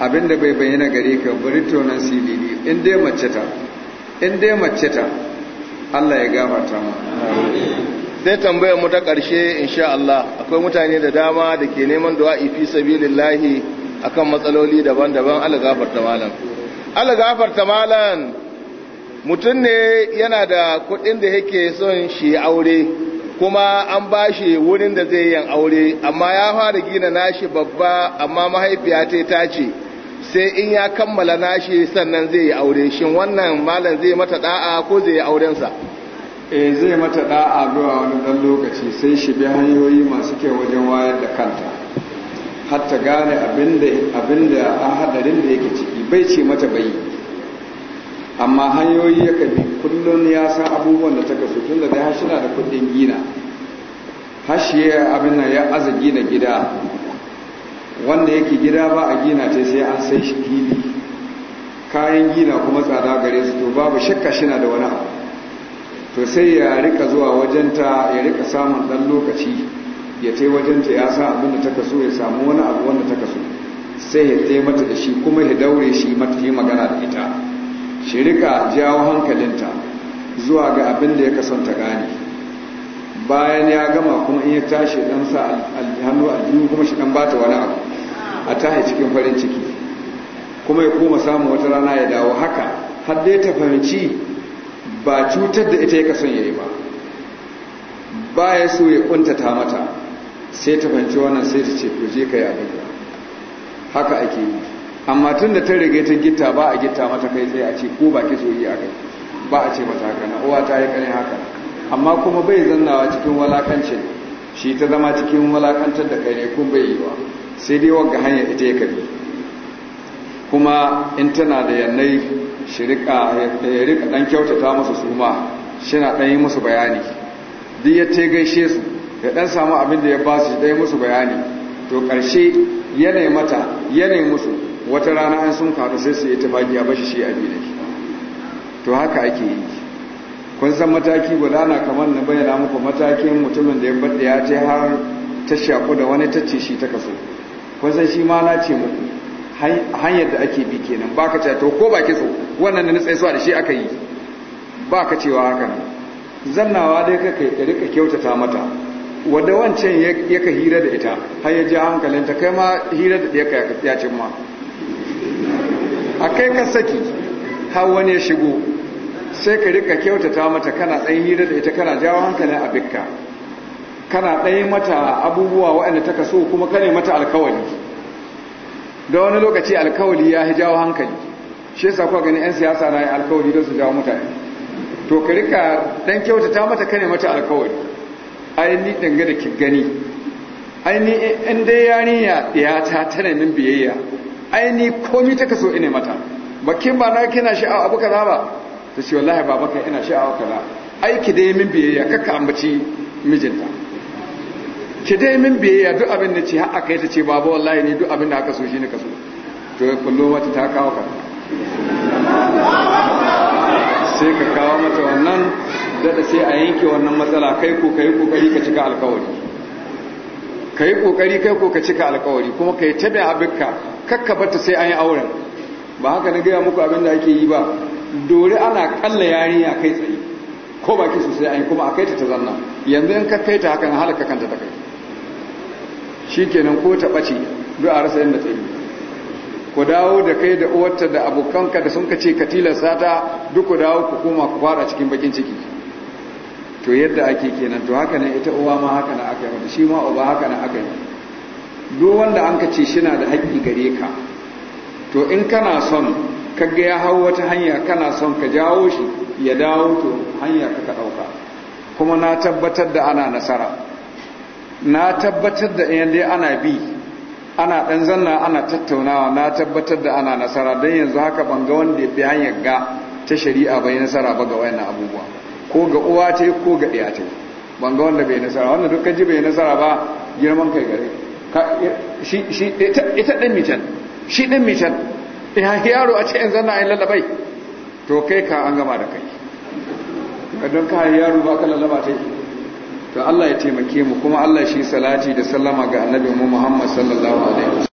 abinda bai bayyana gare ka bari nan silili in dai mace ta in dai mace ta Allah ya gafarta mu sai tambayar mu ta ƙarshe insha Allah akwai mutane da dama da ke neman du'a'i fi sabilillahi akan matsaloli daban-daban Allah gafarta malam Allah gafarta malam mutum ne yana da kuɗin da yake son shi aure kuma an ba shi wurin da zai yin aure amma ya fara gina nashi babba amma mahaifiya ta ta ce sai in ya kammala nashi sannan zai yi aure shin wannan malam zai mata da'a ko zai yi aurensa eh zai mata da'a zuwa wani dan lokaci sai shi bi hanyoyi masu ke wajen wayar da kanta har ta gane abinda abinda a hadarin da yake ciki bai ce mata bai amma hanyoyi ya kabi kullum ya san abubuwan da ta kasu tun da dai hashi na da kudin gina hashi ya abin nan ya aza gina gida wanda yake gida ba a gina ce sai an sai shi fili kayan gina kuma tsada gare su to babu shakka shi na da wani abu to sai ya rika zuwa wajenta ya rika samun dan lokaci ya tai wajenta ya sa abin da ta kasu ya samu wani abu wanda ta kasu sai ya taimata da shi kuma ya daure shi mata yi magana da ita shirika jawo hankalinta zuwa ga abin da ya kasanta gane bayan ya gama kuma in ya tashi dan sa hannu aljihu kuma shi dan bata wani abu a tahi cikin farin ciki kuma ya koma samun wata rana ya dawo haka har ta fahimci ba cutar da ita ya kasan yayi ba ba ya so ya kuntata mata sai ta fahimci wannan sai ta ce ku je ka yi abin haka ake yi amma tun da ta rage ta gita ba a gita mata kai tsaye a ce ko ba ki soyi a kai ba a ce mata haka na uwa ta yi kanin haka amma kuma bai zannawa cikin walakancin shi ta zama cikin walakantar da kai ne kun bai yi wa sai dai wagga hanyar ita ya kabi kuma in tana da yannai shi rika ya rika dan kyautata musu su ma shi na dan yi musu bayani duk ya te gaishe su ya dan samu abin da ya ba su dan yi musu bayani to karshe yanayi mata yanayi musu wata rana an sun faru sai su yi tafaki a bashi shi a biyu to haka ake yi kun san mataki na kamar na bayyana muku matakin mutumin da ya bada ya ce har ta shaku da wani tacce shi ta kaso kun san shi ma na ce muku hanyar da ake bi kenan ba ka to ko ba so, wannan da na tsaye da shi aka yi ba ka cewa haka zannawa dai ka kai ka rika kyautata mata wadda wancan ya ka hira da ita har ya ji hankalinta kai ma hira da ɗaya ka ya cin ma a kai ka saki har wani ya shigo sai ka rika kyautata mata kana ɗan hira da ita kana jawo hankalin abinka kana yi mata abubuwa waɗanda ta kaso kuma kane mata alkawali da wani lokaci alkawali ya yi jawo hankali shi yasa kuwa gani 'yan siyasa na yi alkawali don su jawo mutane to ka rika kyauta kyautata mata kane mata alkawali ai ni danga da ki gani ai ni in dai yarinya ya ta tana min biyayya aini komi ta kaso ina mata bakin ba na kina sha'awa abu kaza ba ta ce wallahi ba baka ina sha'awa kaza aiki dai min biyayya kakka ambaci mijinta ki dai min biyayya duk abin da ce har aka yi ta ce baba wallahi ne duk abin da aka so shi ne kaso to ya kullo wata ta kawo ka sai ka kawo mata wannan da sai a yanke wannan matsala kai ko kai kai ka cika alkawari ka yi ƙoƙari kai ko ka cika alkawari kuma ka yi ta da abinka kakka bata sai an yi auren ba haka na gaya muku abin da ake yi ba dore ana ƙalla yarinya kai tsaye ko baki sosai an yi kuma a kai ta ta zanna yanzu in ka kai ta hakan halaka kanta ta kai shi kenan ko ta ɓace duk a rasa yadda ta yi ku dawo da kai da uwarta da abokanka da sun ka ce ka tilasta ta duk ku dawo ku koma ku fara cikin bakin ciki to yadda ake kenan to haka ne ita uwa ma haka na aka yi wata shi ma uba haka na aka yi duk wanda an ka ce shina da haƙƙi gare ka to in kana son kaga ya hau wata hanya kana son ka jawo shi ya dawo to hanya ka ka ɗauka kuma na tabbatar da ana nasara na tabbatar da yadda ana bi ana ɗan zanna ana tattaunawa na tabbatar da ana nasara don yanzu haka ban ga wanda ya bi hanyar ga ta shari'a bai nasara ba ga wayannan abubuwa ko ga uwa ce ko ga ɗaya ce ban wanda bai nasara wanda duk ji bai nasara ba girman kai gare shi ita ɗin mitan shi ɗin mitan ya yaro a ce in zanna in lallabai to kai ka an gama da kai don ka yaro ba ka lallaba ta yi to Allah ya taimake mu kuma Allah shi salati da sallama ga mu Muhammad sallallahu alaihi wasallam